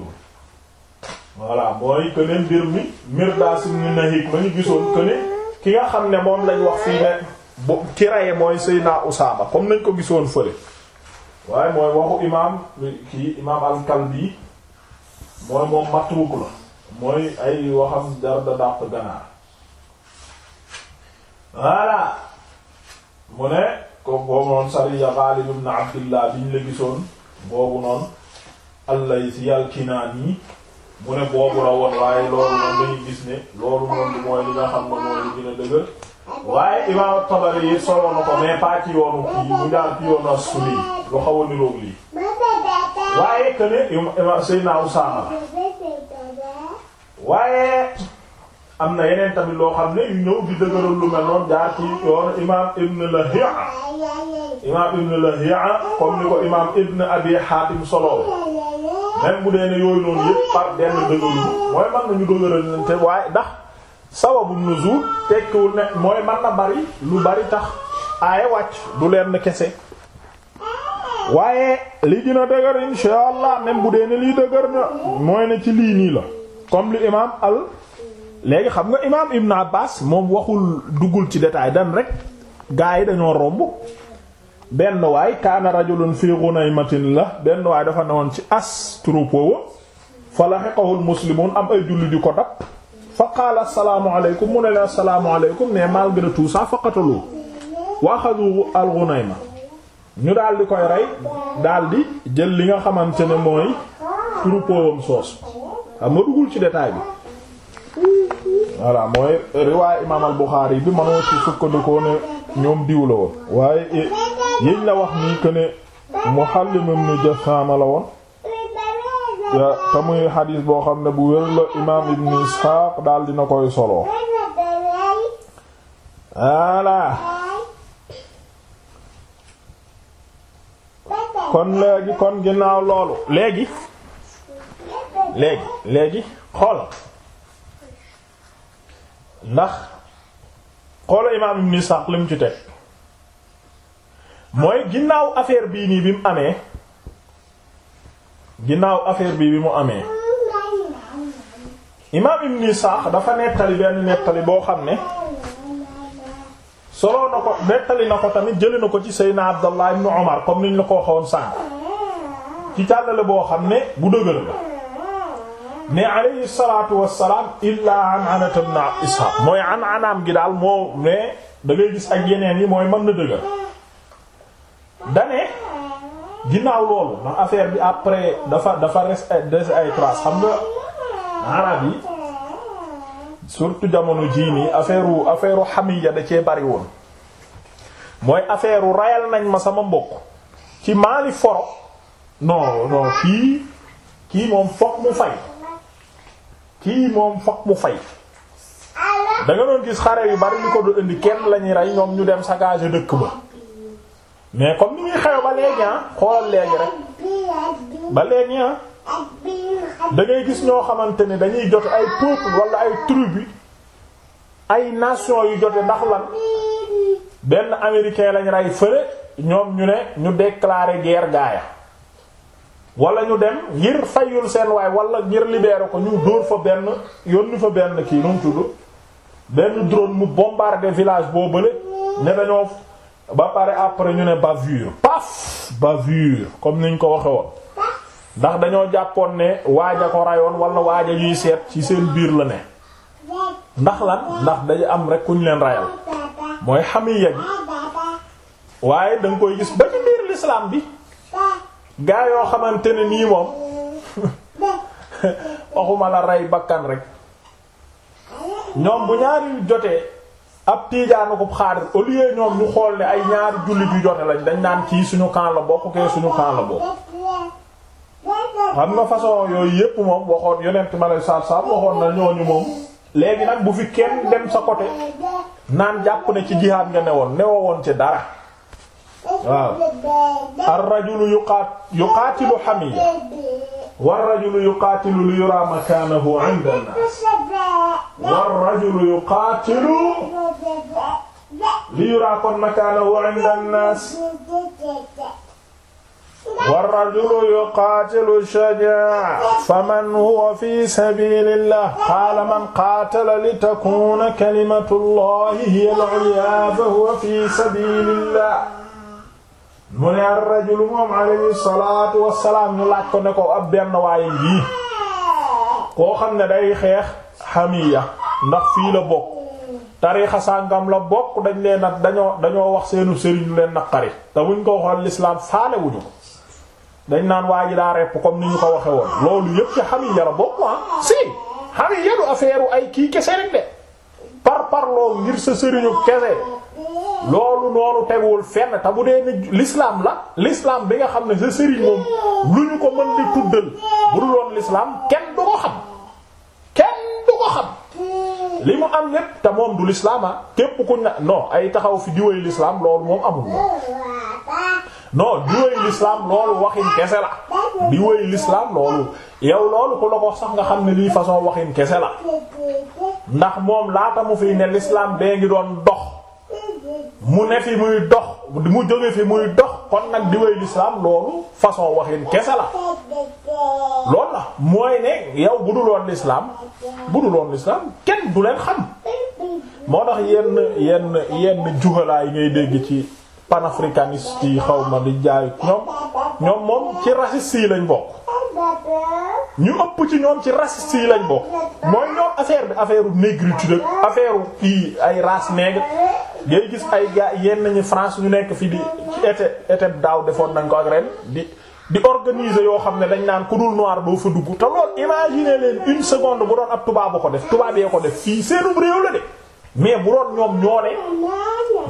voilà mooy que ne mbir mi Nahik ma ñu gisoon que ki nga xam ne moom lañ wax fii ne bu ki raye mooy Seydina Usaama comme nañ ko gisoon fële. waaye mooy waxu imaam kii imaam al-Kalbi mooy moom matruuk la mooy ay waxam jar da dàq ganaar voilà mu ne ko boobu noonu sariya Ghalib ibn Abdillah biñ la gisoon boobu noonu al-Laythi al-Kinaani mu ne boobu la waaye loolu noonu dañuy gis ne loolu noonu mooy li nga xam ne mooy li gën waaye imaam Tabari yi ko mais pas ci yoonu kii mu daal ci yoonu Suli lu xaw a niroog lii waaye que ne imaam Seydina Usaama waaye am na yeneen tamit loo xam ne yu ñëw di dëgëral lu mel noonu jaar ci imaam Ibn Lahiya imaam Ibn Lahiya comme ni ko imaam Ibn Abi Hatim solo même bu dee ne yooyu noonu yëpp par benn dëgëru mooy mën nañu dëgëral te waaye ndax. sababu nuzul tekkiwul ne mooy mën na bari lu bari tax aaya wàcc du leen kese waaye li dina dëgër insha allah même bu dee ne lii dëgër na mooy ne ci lii nii la comme li imaam al léegi xam nga imaam Ibn Abbas moom waxul duggul ci détail dan rek gaa yi dañoo romb benn waay kaana rajulun fi ghunaymatin la benn waay dafa newoon ci as troupeau fa lahiqahu al muslimun am ay jullit yu ko dab fa qaala assalaamu aleykum mu ne leen assalaamu aleykum mais malgré tout ça fa qatalu wa axadu ñu daal koy rey daal jël li nga xamante ne mooy troupeau am soos xam nga duggul ci détail bi voilà mooy riwaay imaam buxaari bi manoo ci sukkandikoo ne ñoom diw la woon waaye la wax nii que ne Muhallim ibn Jassama la woon te muy xadis boo xam ne bu wér la imaam ibn Isxaaq daal dina koy solo voilà kon léegi kon ginnaaw loolu léegi léegi léegi xool ndax xoolal imaam ibn Isxaaq li mu ci teg mooy ginnaaw affaire bii nii bi mu amee. ginnaaw affaire bi bi mu amee imaam ibn Isaaq dafa nettali benn nettali boo xam ne soloo na ko nettali na ko tamit jëli na ko ci Seydina Abdallah ibn Omar comme niñ la ko waxoon sànq ci càllale boo xam ne bu dëgër la ne alayhi wassalaam illaa an anata ibn Isaaq mooy an anaam gi daal moo dangay gis ak yeneen yi mooy mën na dëgër dane ginnaaw loolu ndax affaire bi après dafa dafa res eh, ay traces xam nga arab yi surtout jamono jii nii affaire u affaire u xamiya da cee bari woon mooy affaire u rayal nañ ma sama mbokk ci maali foro non non kii kii moom fokk mu fay kii moom fokk mu fay da nga gis xare yu bari li ko doon indi kenn lañuy rey ñoom ñu dem saccager dëkk ba mais comme ni muy xew ba léegi ah xoolal léegi rek ba léegi ah gis ñoo xamante ne dañuy jot ay peuple wala ay tribu ay nation yu jote ndax lan benn américain lañ rey fële ñoom ñu ne ñu déclarer guerre gaaya wala ñu dem ngir fayul seen waay walla ngir libérer ko ñu dóor fa benn yónni fa benn kii nu mu tudd benn drone mu bombarder village boo bële ne dañoo ba pare après ñu ne bavure paf bavure comme niñ ko waxe woon ndax dañoo jàppoon ne waaja ko rayoon walla waaja yuy seet ci seen biir la ne ndax la ndax dañu am rek kuñ leen rayal mooy xamiya bi waaye danga koy gis ba ci biir l'islam bi gaa yoo xamante ne nii moom waxuma la rey bakkan rek ñoom bu ñaari jotee ab tiijaan ko xaadir au ñoom ñu xool ne ay ñaari jullit yu jote lañ dañ naan ci suñu camp la bokk kee suñu camp la bokk xam nga façon yooyu yépp moom waxoon yonent ma lay saab saab waxoon na ñooñu moom léegi nag bu fi kenn dem sa côté naan jàpp ne ci jihaad nga ne woon newoon woon ci dara waaw ar-rajulu yuqaat yuqaatilu hamiya war-rajulu yuqaatilu li yura makaanahu 'inda an-naas war-rajulu yuqaatilu li yura kon makaanahu 'inda an-naas war-rajulu yuqaatilu shajaa'an faman huwa fii sabiilillah qaala man qaatala litakuuna kalimatullahi hiya al-'ulyaa fahuwa fii sabiilillah mu ne ar-rajulu moom alayhi salaatu wassalaam ñu laaj ko ne ko ab benn waaye yii koo xam ne day xeex xamiya ndax fii la bokk tariixa sàngam la bokk dañ leen ak dañoo dañoo wax seenu sëriñ leen naqari te buñ ko waxoon lislaam faale wuñu naan waa ji daa repp ni ñu ko waxe woon loolu yépp ci xamiya la bokk ah si xamiya du affaire ay kii kese rek de par par loolu ngir sa sëriñu kese loolu noonu teguwul fenn te bu dee ni l'islam la l'islam bi nga xam ne sa sëriñ moom lu ñu ko mën di tuddal bu dul woon l'islam kenn du ko xam kenn du ko xam li mu am lépp te moom du l'islam ah képp ku ña non ay taxaw fi diwéyu l'islam loolu moom amul moom non diwéyu loolu waxin kese la diwéyu l'islam loolu yow loolu ku la ko sax nga xam ne lii façon waxin kese la ndax moom laata mu fiy ne l'islam bee ngi doon dox. mu ne fi muy dox mu jóge fi muy dox kon nag di wéy lislaam loolu façon waxin kese la loolu la mooy ne yow bu dul lislaam bu dul woon lislaam kenn du leen xam moo tax yenn yenn yenn yi ngay dégg ci panafricaniste yi xaw ma di jaay ñoom ñoom moom ci raciste yi lañ bokk ñu ëpp ci ñoom ci raciste yi lañ bokk mooy ñoom affaire bi affaire négritude affaire kii ay race nègre ngay gis ay gaa yenn ñi France ñu nekk fi di ci été daaw defoon nañ ko ak ren di di organiser yoo xam ne dañ naan ku dul noir doo fa dugg te lool imaginer leen une seconde bu doon ab tubaab bu ko def tubaab yee ko def fii seenum réew la de mais bu doon ñoom ñoo ne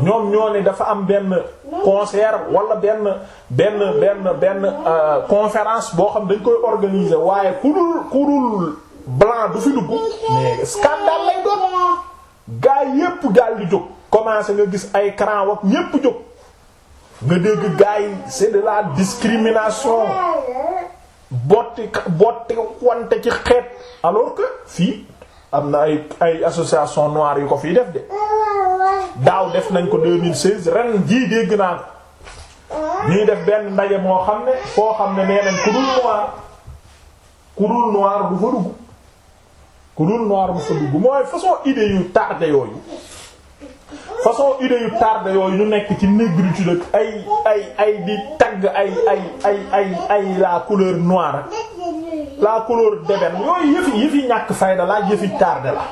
ñoom ñoo ne dafa am benn concert wala benn benn benn benn euh, conférence boo xam dañ koy organiser waaye ku dul ku dul blanc du fi dugg scandale lay yépp daal di jóg commencé nga gis ay cran wak ñépp jóg nga dégg gaa yi c'est de la discrimination botti botti wante ci xeet alors que fii am na ay ay association noire yu ko fii def de daaw def nañ ko 2016 ren jii dégg naa ko ñuy def benn ndaje moo xam ne foo xam ne nee nañ ku dul noir ku dul noir du fa dugg ku dul noir du fa dugg mooy façon idée yu tardé yooyu façon idée yu tardé yooyu ñu nekk ci négritude ay ay ay di tagg ay ay ay ay ay la couleur noire la couleur d'ébène yooyu yëfi yëfi ñàkk fayda la yëfi tardé la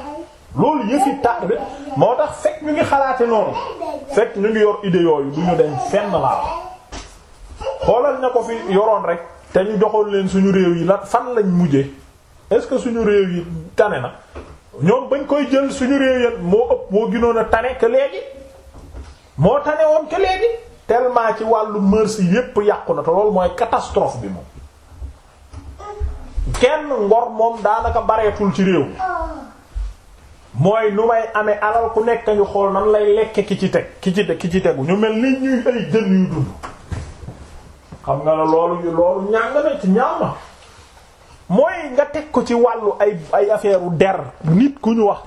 loolu yëfi tardé moo tax fekk ñu ngi xalaate noonu fekk ñu ngi yor idée yooyu du ñu dem fenn laa xoolal na ko fi yoroon rek te ñu joxoon leen suñu réew yi la fan lañ mujje est-ce que suñu réew yi tane na ñoom bañ koy jël suñu réew yi moo ëpp moo gënoon a tane que léegi moo tane woon que léegi tellement ci wàllu mœurs yépp yàqu na te loolu mooy catastrophe bi moom kenn ngor moom daanaka bareetul ci réew mooy nu may amee alal ku nekk ñu xool nan lay lekke ki ci teg ki ci ki ci tegu ñu mel ni ñuy ay jën yu dund xam nga ne loolu loolu ñàng na ci ñaama mooy nga teg ko ci wàllu ay ay affaire u der nit ku ñu wax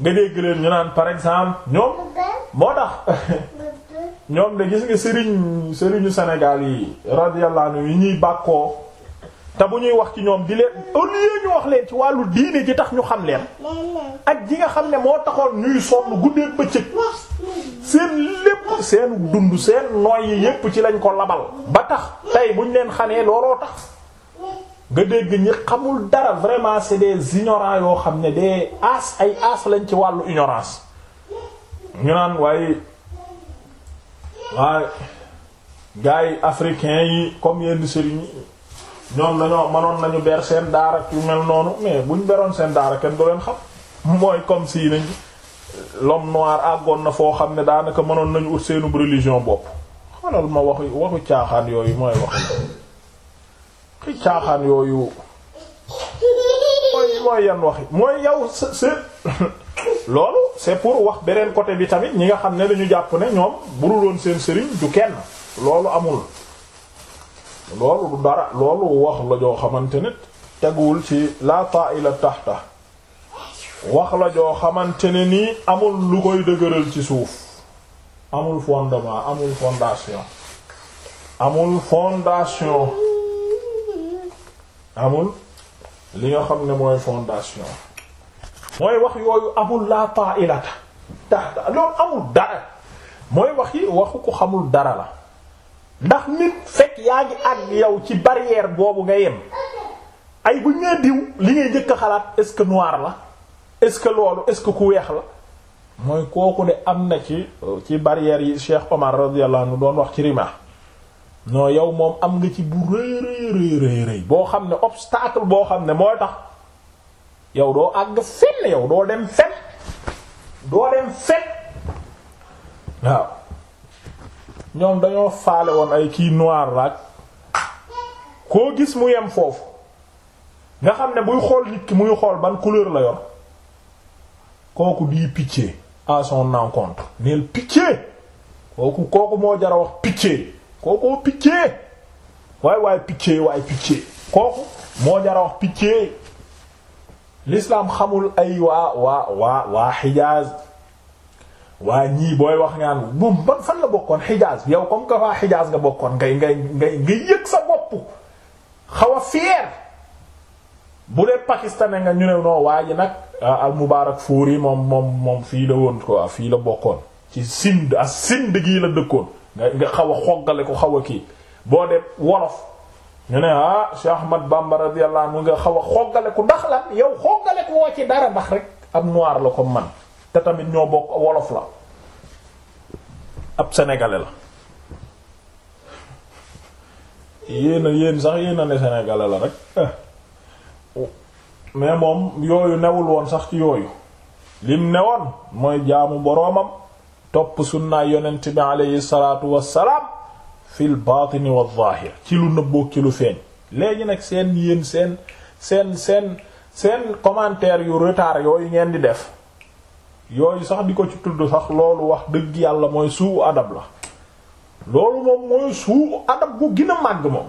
nga dégg leen ñu naan par exemple ñoom moo tax ñoom de gis nga sëriñ sëriñu Sénégal yi radiyallahu anhu yi ñuy bàkkoo te bu ñuy wax ci ñoom di leen au ñu wax leen ci wàllu diine ji tax ñu xam leen ak ji nga xam ne moo taxoon ñuy sonn guddee bëccëg seen lépp seen dund seen nooy yi yépp ci lañ ko labal ba tax tey buñ leen xamee looloo tax nga dégg ñi xamul dara vraiment c'est des ignorants yoo xam ne des as ay as lañ ci wàllu ignorance ñu naan waaye waaye gars yi africains yi comme yenn sëriñ ñoom dañoo manoon nañu ber seen daara yu mel noonu mais buñ beroon seen daara kenn du leen xam mooy comme si nañ l'homme noir àggoon na foo xam ne daanaka mënoon nañu ut seenu religion bopp xoolal ma waxu waxu caaxaan yooyu mooy wax yooyu mooy mooy yan yow c'est loolu c'est pour wax beneen côté bi tamit ñi nga xam ne dañu jàpp ne ñoom buruloon seen sëriñ du kenn loolu amul loolu du dara loolu wax la joo xamante ne teguwul ci la ta'ila tahta wax la joo xamante ne nii amul lu koy dëgëral ci suuf amul fondement amul fondation amul fondation amul li nga xam ne mooy fondation mooy wax yooyu amul la ta'ila tahta loolu amul dara mooy wax yi waxu ko xamul dara la ndax nit fekk yaa ngi àgg yow ci barrière boobu nga yem ay bu ñee diw li ngay njëkk a xalaat est ce que noir la est ce que loolu est ce que ku weex la mooy kooku de am na ci euh, ci barrière yi Cheikh Omar radiyallahu anhu doon wax ci rima non yow moom am nga ci bu rëy rëy rëy boo xam ne obstacle boo xam ne mooy tax yow doo àgg fenn yow doo dem fenn doo dem fenn waaw ñoom dañoo faale woon ay kii noir laak koo gis mu yem foofu nga xam ne buy xool nit ki muy xool ban couleur la yor kooku di pitié à son encontre neel pitié kooku kooku moo jara wax pitié kookoo pitié waay waay pitié waay pitié kooku moo jara wax pitié l'islam xamul ay waa waa waa waa Hijaz waa ñii booy wax ngaan moom ban fan la bokkoon xijaas yow comme que waa xijaas nga bokkoon ngay ngay ngay yëg sa bopp xaw a fier bu dee pakistanais nga ñu ne non waa ji nag al Mubaarak Fuuri moom moom moom fii la woon ko fii la bokkoon ci Sind ak Sind gii la dëkkoon nga nga xaw a xoggale ko xaw a kii boo dee wolof ñu ne ah Cheikh Ahmad Bamba radiyallahu nga xaw a xoggale ko ndax la yow xoggale woo ci dara ndax rek ak noir la ko man te tamit ñoo bokk wolof la ab sénégalais la yéen yéen sax yéen a ne sénégalais la rek eh. mais moom yooyu newul woon sax ci yooyu lim newoon mooy jaamu boroomam topp sunnaay yonent bi aleyhi salaatu wassalaam fil baatini wa zaahir ci lu nëbboo ci lu feeñ léegi nag seen yéen seen seen seen seen commentaire yu retard yooyu ngeen di def yooyu sax di ko ci tudd sax loolu wax dëgg yàlla mooy suu adab la loolu moom mooy suu adab bu gën a màgg moom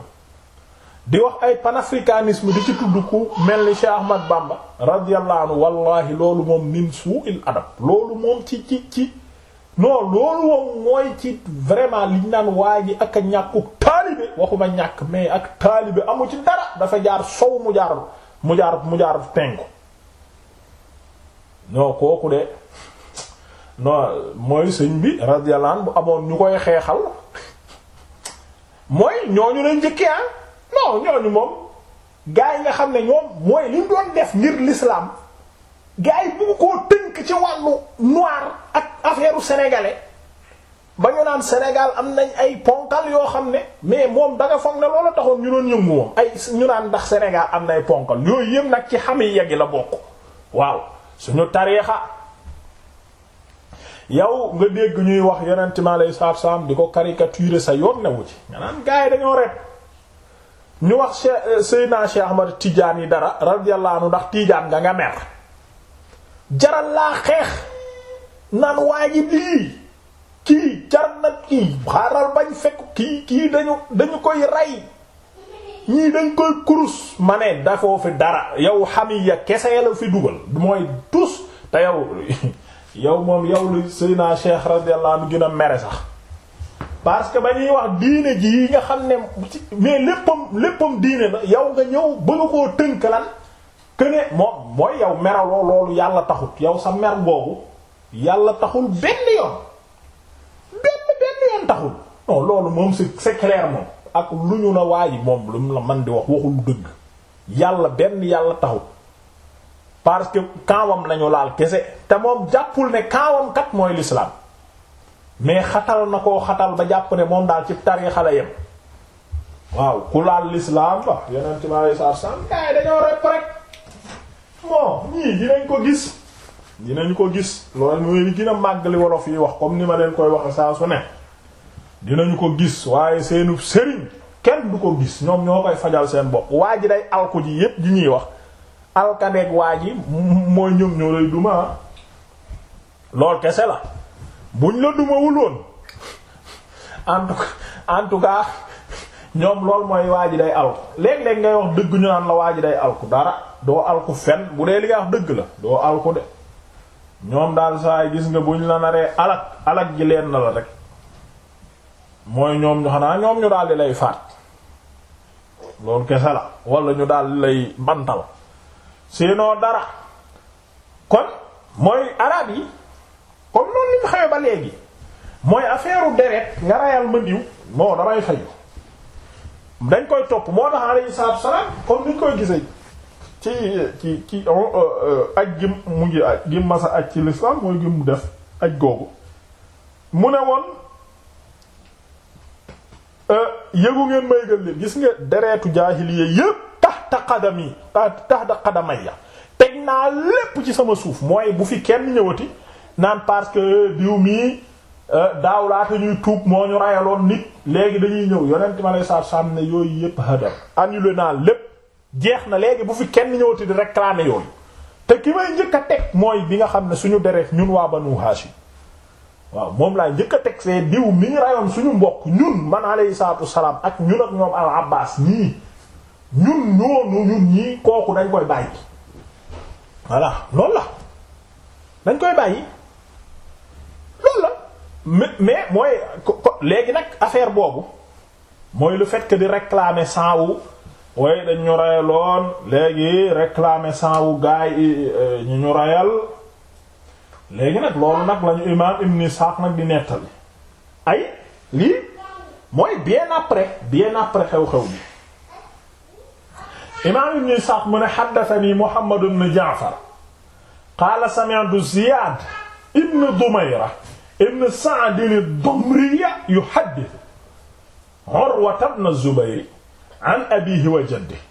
di wax ay panafricanisme di ci tudd ku mel ni Cheikh Ahmad Bamba radiyallahu anhu wallahi loolu moom min suu adab loolu moom ci ci ci non loolu moom mooy ci vraiment liñ naan waa gi ak a ñàkku taalibe waxuma ñàkk mais ak taalibe amu ci dara dafa jaar sow mu jaar mu jaar mu jaar penku non kooku de non mooy sëñ bi radiyallahu bu amoon ñu koy xeexal mooy ñu lañ njëkkee ah non ñooñu moom gaa yi nga xam ne ñoom mooy liñ doon def ngir l'islam gaa yi koo tënk ci wàllu noir ak affaire sénégalais ba ñu naan senegal am nañ ay ponkal yoo xam ne mais moom da nga foog ne loola taxoon ñu doon yëngu moom ay ñu naan ndax Sénégal am na ay ponkal yooyu yëpp nag ci xam yi yegg la bokk waaw. suñu tariixa yow nga dégg ñuy wax yonent mi alayhi salaatu salaam di ko caricaturer sa yoon newu ci nga naan gars yi dañoo ret ñu wax Cheikh euh, Seydina Cheikh Ahmad Tidiane yi dara radiyallahu anhu ndax Tidiane nga nga mer jaral laa xeex naan waa ji lii kii jar na kii xaaral bañ fekk kii kii dañu dañu koy rey ñii dañ koy kurus ma ne dafoo fi dara yow xamiya kese la fi dugal mooy tus te yow yow moom yow li Seydina Cheikh radiyallahu anhu gën a mere sax parce que ba ñuy wax diine ji yi nga xam ne mais léppam léppam diine la yow nga ñëw bëgg koo tënk lan que ne mooy yow meraloo loolu yàlla taxut yow sa mer boobu yàlla taxul benn yoon benn benn yoon taxul loolu moom c'est clair moom ak lu ñu na waayi moom lu mu la man di wax waxul dëgg yàlla benn yàlla taxut parce que kaawam lañu laal kese te moom jàppul ne kaawam kat mooy l'islam mais xatal na koo xatal ba jàpp ne moom daal ci tariixa xale yem waaw ku laal l'islam ba yeneen ci ma sar dañoo rek rek bon ñii dinañ ko gis dinañ ko gis loolu mooy li gën màgg li wolof yi wax comme ni ma leen koy waxe saa su ne dinañu ko gis waaye seenu sëriñ kenn du ko gis ñoom ñoo koy fajal seen bopp waa ji day alku ji yépp di ñuy wax alkandeeg waa ji mooy ñoom ñoo lay duma ah. lool kese la buñ la dumawul woon en tout en tout cas ñoom lool mooy waa ji day alku léeg-léeg ngay wax dëgg ñu naan la waa ji day alku dara doo alku fen bu dee li dëgg la doo alku de ñoom daal saa gis nga buñ la naree alak alak ji leen na la rek mooy ñoom ñu xanaa ñoom ñu daal lay faat loolu kese la wala ñu daal di lay bantal sinon dara kon mooy arab yi comme noonu ñu xewee ba léegi mooy affaire deret nga rayal ma diw moo damay fayu dañ koy topp moo tax alayhi salaatu salaam comme niñ koy gisee ci ci ci aj gi mu ngi aj gi masa ci l'islam mooy gi def ak googu mu ne woon Euh, yëgu ngeen may gën leen gis nga dereetu deretu jaahiliya yépp tax qadami tahta ya teg naa lépp ci sama suuf mooy bu fi kenn ñëwati naan parce que eh, diw mii euh, daaw laata ñuy tuub moo ñu rayaloon nit léegi dañuy ñëw yonent ma lay saa sàmm ne yooyu yépp hadam annulé naa lépp jeex na léegi bu fi kenn ñëwati di réclamer yooyu te ki may njëkk a teg mooy bi nga xam ne suñu deret ñun waa Banu Hashim waaw moom laa njëkk a teg see diw mi ñu rayoon suñu mbokk ñun man alayhi salaatu salaam ak ñun ak ñoom al abbas ñii ñun ñoonu ñun ñii kooku dañ koy bàyyi voilà loolu la dañ koy bàyyi loolu la mais mais mooy léegi nag affaire boobu mooy lu fait que di réclamer sans wu way dañ ñu rayaloon léegi réclamer sans wu gaay euh, ñu ñu rayal léegi nag loolu nag lañu imaam Ibn Ishaq nag di nettali ay lii mooy bien après bien après xew-xew bi imaam Ibn Ishaq mu ne haddathani Muhammad ibn Ja'far qaala sami'tu Ziyaad ibn Dumayra ibn Sa'd ad-Damriya yuhaddithu Urwa ibn Zubayr an abiihi wa jaddihi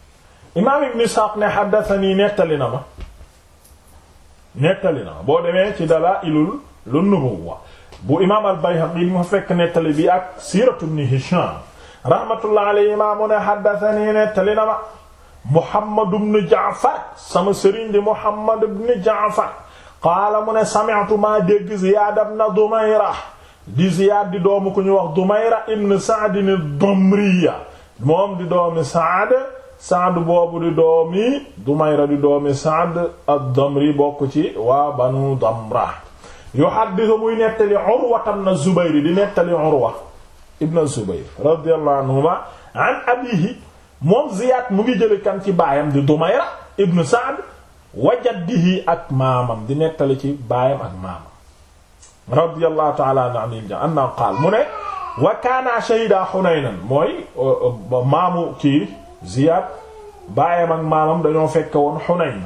imaam Ibn Ishaq ne haddathani nettali na ma nettali na boo demee ci Dalaa'ilul Nubuwwa bu imaam al-Bayhaqi mu fekk nettali bi ak siiratu Ibn Hisham rahmatullah alayhi ma mu ne haddathanii nettali na ma Muhammad ibn Ja'far sama sëriñ di Muhammad ibn Ja'far qaala mu ne sami'tu maa dégg Ziyaad ibn Dumayra di Ziyaad di doomu ku ñu wax Dumayra ibn Sa'd ad-Damriya moom di doomi Sa'd Saad boobu di doomi Dumayra di doomi Saad ad-Damri bokk ci waa Banu Damra yuhaddisu muy nettali Urwa ibn Zubayr di nettali Urwa ibn Zubayr radiyallahu anhuma an abiihi moom Ziyaad mu ngi jële kan ci baayam di Dumayra ibn Saad wa jaddihi ak maamam di nettali ci baayam ak maamam radiyallahu ta'ala anil jamii'a anna qaal mu ne wa kaana shahiida Hunaynan mooy uh, uh, maamu kii Ziyaad baayam ak maamam dañoo fekke woon Hunayn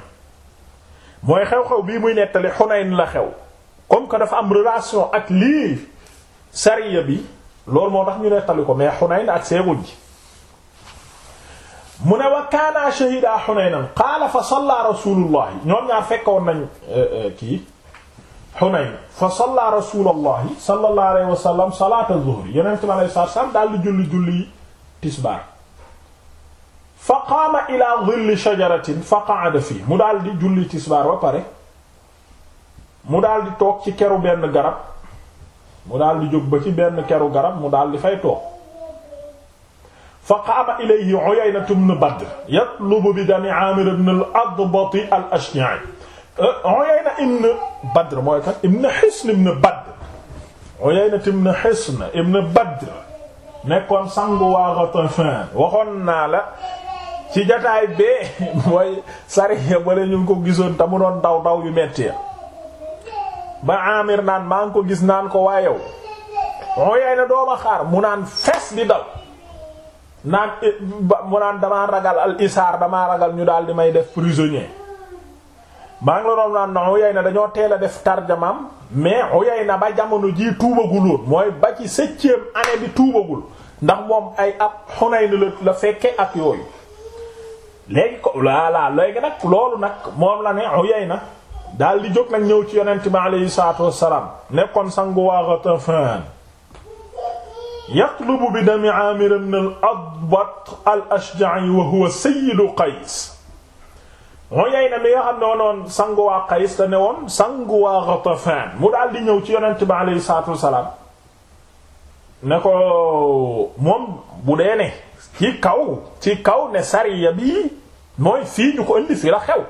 mooy xew-xew bii muy nettali Hunayn la xew comme que dafa am relation ak lii sariya bi loolu moo tax ñu nettali ko mais Hunayn ak seegul ji mu ne wa kaana shahida Hunaynan qaala fa salla rasulullah ñoom ñaar fekke woon nañu eh, eh, kii Hunayn fa salla rasulullah sallallahu alayhi wa sallam salaata zuhri yeneen ci ma lay saar saam daal di julli julli tisbaar fa qaama ila dhilli shajaratin fa qa'ada fii mu daal di julli tisbaar ba pare mu daal di toog ci keru benn garab mu daal di jóg ba ci benn keru garab mu daal di fay toog fa qaama ilayhi uyaynatu ibn badr yatlubu bi dami amir ibn al-adbat al-ashja'i euh, uyayna ibn badr mooy kat ibn hisn ibn badr uyayna ibn hisn ibn badr nekkoon sangu waa Ghatafan waxoon naa la ci jataay bee mooy sariya bale ñu ko gisoon te doon daw daw yu metti ya ba amir naan maa ngi ko gis naan ko waa yow moo yaay na dooma xaar mu naan fes di daw naan mu naan damaa ragal al isaar damaa ragal ñu daal di may def prisonnier maa ngi la doon naan na Uyayna dañoo teel a def tarjamam mais Uyayna ba jamono jii tuubagul woon mooy ba ci septième année bi tuubagul ndax moom ay ab Hunayn la la fekke ak yooyu léegi ko laalaa léegi nag loolu nag moom la ne Uyayna daal di jóg nag ñëw ci yonent bi aleyhi salaatu wassalaam nekkoon sangu waa Ghatafan yatlubu bi dami Aamir ibn al-Adbat al-Ashja'i wa huwa sayyidu Qays Uyayna mi nga xam ne wonoon sangu waa Qays te ne woon sangu waa Ghatafan mu daal di ñëw ci yonent bi aleyhi salaatu wassalaam ne ko moom bu dee ne ci kaw ci kaw ne sariya bii mooy fii ñu ko indi fii la xew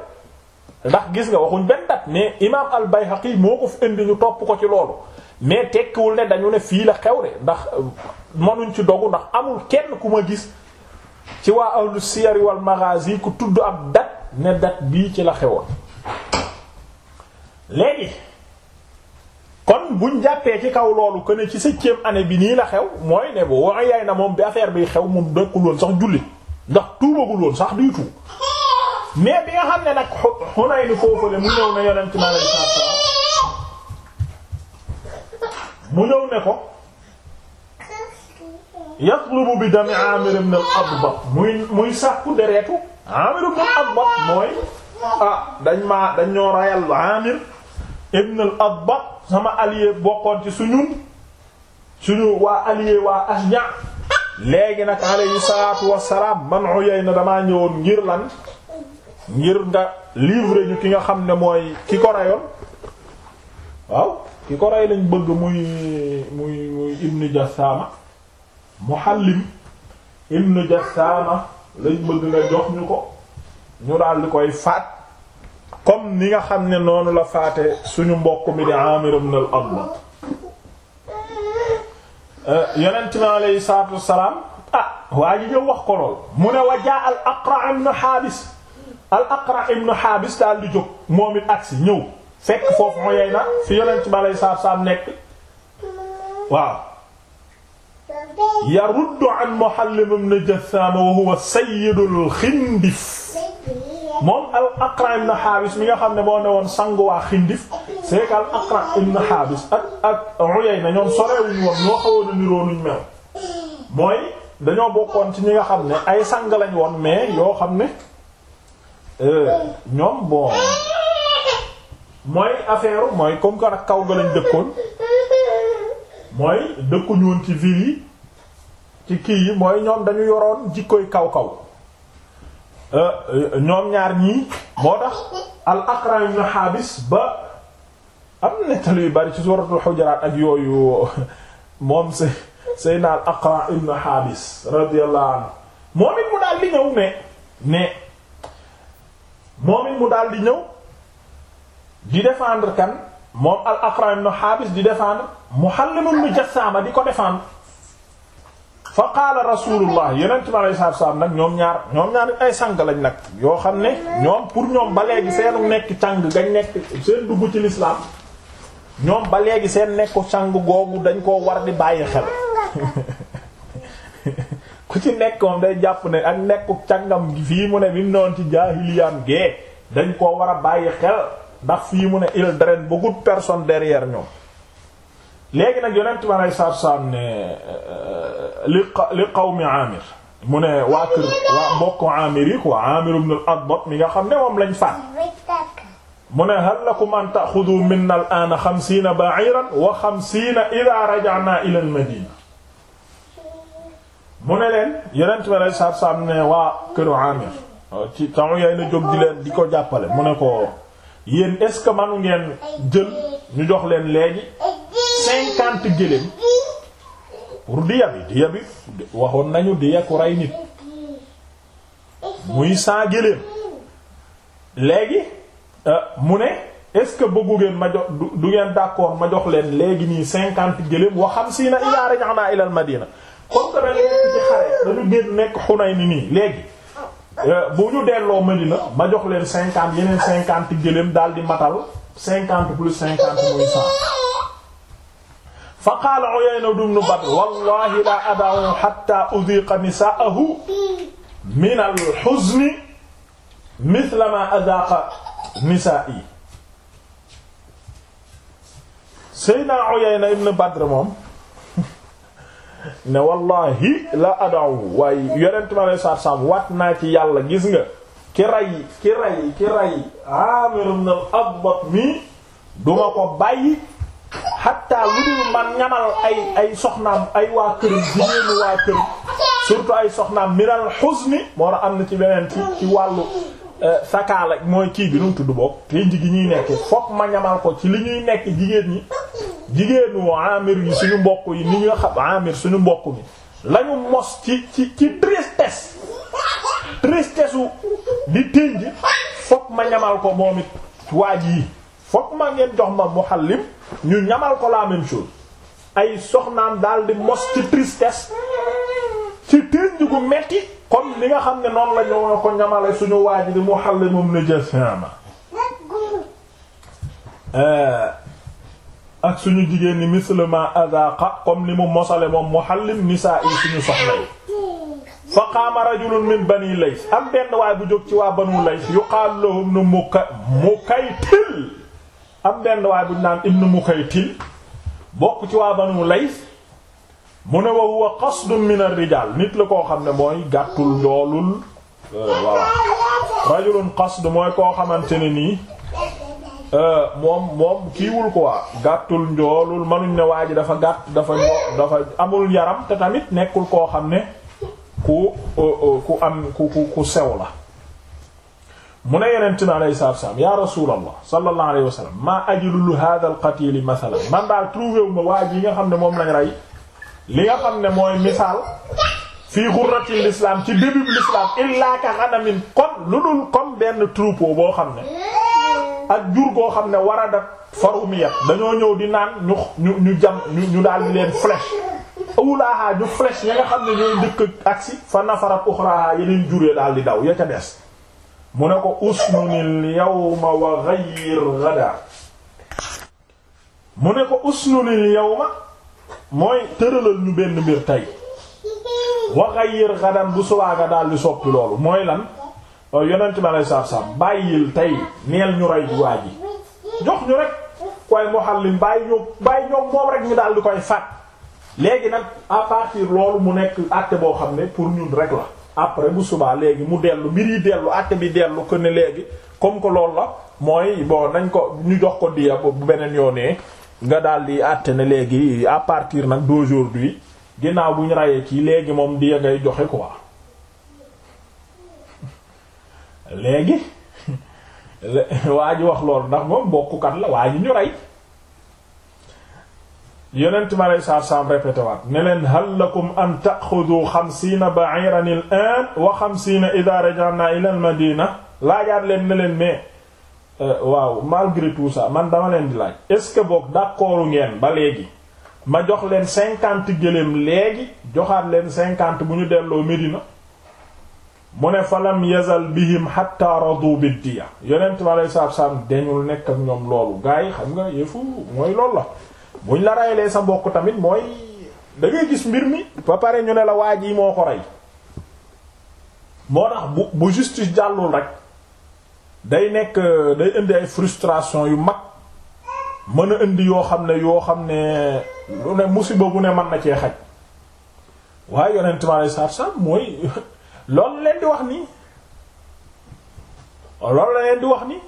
ndax gis nga waxuñ benn dat mais imaam al-Bayhaqi moo ko fi indi ñu topp ko ci loolu mais tekkiwul ne dañu ne fii la xew rek ndax mënuñ ci dogu ndax amul kenn ku ma gis ci waa ahlu siyar wal maghazi ku tudd ab dat ne dat bii ci la xewoon léegi kon buñ jàppee ci kaw loolu que ne ci septième année bi nii la xew mooy ne boo waxee yaay na moom bi affaire bi xew moom dëkkul woon sax jullit ndax tuubagul woon sax du tuub mais bi nga xam ne nag Hunayn foofule mu ñëw ne mu ñëw ne ko yatlubu bi dami Amir ibn al muy muy sàkku deretu Amir ibn al mooy ah dañ maa dañ ñoo rayal Amir ibn al adba sama allié bokkoon ci suñu suñu waa allié waa Ashja léegi nag alayhi salaatu wassalaam man na damaa ñëwoon ngir lan ngir nga livrer ñu ki nga xam ne mooy ki ko waaw ki lañ bëgg muy muy muy ibn Jassama Muhallim ibn Jassama lañ bëgg nga jox ñu ko ñu daal di koy faat comme ni nga xam ne noonu la faate suñu mbokk mi di Amir ibn al-Adbat eh, yonent mi alayhi salaatu wassalaam ah waa ñëw wax ko mu ne wajaa al Aqra ibn Haabis daal di jóg moom it agsi ñëw fekk foofu mu yey na fi nekk waaw yaruddu an Muhallim ibn Jassaam wa huwa sayyidul Xindif moom al Aqra ibn Habis mi nga xam ne moo ne woon sangu waa Xindif c'est que al Aqra ibn Habis ak ak Uyayna ñoom sorewuñu woon ñoo xawoon a niroo mel mooy dañoo bokkoon ci ñi nga xam ne ay sang lañ woon mais yoo xam ne euh, ñoom bon mooy affaire mooy comme que kaw ga lañ dëkkoon mooy dëkkuñu woon ci ville ci kii yi mooy ñoom dañu yoroon jikkoy kaw kaw. Euh, euh, ñoom ñaar ñii moo tax al Aqra ibn Habis ba am nettali yu bari ci suuratul Hujuraat ak yooyu moom se Seydina al Aqra ibn Habis radiyallahu anhu moom it mu daal di ñëw ne ne moom it mu daal di ñëw di défendre kan moom al Aqra ibn Habis di défendre Muhallim ibn Jassaama di ko défendre fa qaala rasulullah yeneen ma lay saab saab nag ñoom ñaar ñoom ñaar ay sang lañ nag yoo xam ne ñoom pour ñoom ba léegi seenu nekk càng gañ nekk seen dugg ci lislaam ñoom ba léegi seen nekku càng googu dañ koo war di bàyyi xel ku ci nekkoon day jàpp ne ak nekku càngam fii mu ne bi mu noon ci jaahiliyaan gee dañ koo war a bàyyi xel ndax fii mu ne il draine beaucoup de personnes derrière ñoom léegi nag yonent bi aleyhi salaatu salaam ne li li qawmi Amir mu ne waa kër waa mbokk Amir yi quoi Amir ibn al-Adbat mi nga xam ne moom lañ faat mu ne hal lakum an ta'khudhu minna al-aana xamsiina ba'iran wa xamsiina idhaa raja'naa ilaa al-madiina mu ne leen yonent bi aleyhi salaatu salaam ne waa këru Amir ci temps yaay la jóg di leen di ko jàppale mu ne ko yéen est-ce que manu ngeen jël. ñu jox leen léegi cinquante gëléem pour diya bi waxoon nañu diya ku rey nit muy cent gëléem léegi euh, mu ne est-ce que bëggu ngeen ma jox du ngeen d'accord ma jox leen léegi nii cinquante gëléem wa xamsiina idaa raja'naa ilal Madina comme que dañu nekk ci xare dañu génn nekk Hunayn nii léegi euh, bu ñu delloo Madina ma jox leen cinquante yeneen cinquante gëléem daal di matal. cinquante plus cinquante muy cent fa qaala Uyayna ibn Badr wallahi la ada'u hatta udhiqa nisa'ahu min al-huzni mithla ma adhaqa nisa'i Seydina Uyayna ibn Badr moom ne wallahi la ada'u waaye yonent ma lay saar saam wat naa ci yàlla gis nga ki ray ki ray ki ray Amir ibn al-Adbat mi duma ko bàyyi xatta lu dul man ñamal ay ay soxnaam ay waa kër jigéenu waa kër surtout ay soxnaam minal xuzni moo tax am na ci beneen ci ci wàllu euh, sakaala mooy kii bi nu mu tudd boog tey jigi ñuy nekk fokk ma ñamal ko ci li ñuy nekk jigéen ñi jigéenu Amir yi suñu mbokk yi ni ñu xam Amir suñu mbokk mi lañu mos ci ci ci tristesse su di tinj fokk ma ñamal ko moom it waaj yi fokk ma ngeen jox ma muhallim ñu ñamal ko la même chose ay soxnaam daal di mos ci tristesse ci tinj gu metti comme li nga xam ne noonu la ñu ko ñamale suñu waaj di muhallimum na jasama eh, ak suñu jigéen ni mislama comme ni mu mosale moom muhallim nisaa yi suñu soxna yi fa qaama rajulun min bani lays am benn waay bu jóg ci waa banu lays yuqaalu lahu ibnu mukaytil am benn waay bu ñu naan ibnu mukaytil bokk ci waa banu lays mu ne wa huwa qasdun min ar-rijaal nit la koo xam ne mooy gàttul njoolul waaw mooy koo xamante ne nii euh, moom moom kiiwul quoi gàttul njoolul mënuñ ne waa ji dafa gàtt dafa dafa amul yaram te tamit nekkul koo xam ne ku ku am ku sew la mu ne yonent bi alayhi salaatu wa salaam yaa rasuulallah sallallahu alayhi man daal trouvé wu ji nga xam ne moom lañ rey li nga xam ne mooy misaal fii xurratil islam ci début bi l'islam illaa ka ghanamin comme lu dul comme benn troupeau boo xam ne ak jur goo xam ne waradat farumiyat dañoo ñëw di naan ñu ñu ñu jam ñu daal leen flèche. ulaaha ñu flèche ya nga xam ne ñooy dëkk aksi fa nafarat uxraaha yeneen juree daal di daw ya ca des mu ne ko usnunil yawma wa ghayyir ghada mu ne ko usnunil yawma mooy tëralal ñu benn mbir tey wa ghayyir ghadan bu subaa nga daal di soppi loolu mooy lan oh, yonent bi alei satu bàyyil tey neel ñu rey waa ji jox ñu rek koy muhallim bàyyi ñoom bàyyi ñoom moom rek ñu daal di koy faat léegi nag à partir loolu mu nekk àtte boo xam ne pour ñun rek la après bu subaa léegi mu dellu mbir yi dellu àtte bi dellu que ne léegi comme que loolu la mooy bon nañ ko ñu jox ko diya bu beneen yoonee nga daal di àtte ne léegi à partir nag d'aujourd'hui ginnaaw bu ñu rayee kii léegi moom diya ngay joxe quoi léegi waa ji wax loolu ndax moom bokkukat la waa ji ñu rey. yonent mi aleyhi salaatu salaam répété waat ne leen hal lakum an ta'xudu xamsiina ba'iran al-aan wa xamsiina idaa raja'naa ila al laajaat leen ne leen mais euh, waaw malgré tout ça man dama leen di laaj est-ce que ngeen ba léegi ma jox leen cinquante gëléem léegi joxaat leen cinquante bu ñu delloo Medina mu ne falam yazal bihim hatta radu bid-diya yonent mi aleyhi salaatu salaam dañul nekk ñoom loolu gaa xam nga yëfu mooy loolu la. buñ la raylee sa mbokk tamit mooy da ngay gis mbir mi ba pare ñu ne la waa ji moo ko rey moo tax bu bu justice jàllul rek day nekk day indi ay frustration yu mag mën a indi yoo xam ne yoo xam ne lu ne musiba bu ne mën na cee xaj waaye yonent ma lay saab mooy loolu leen di wax nii loolu la leen di wax nii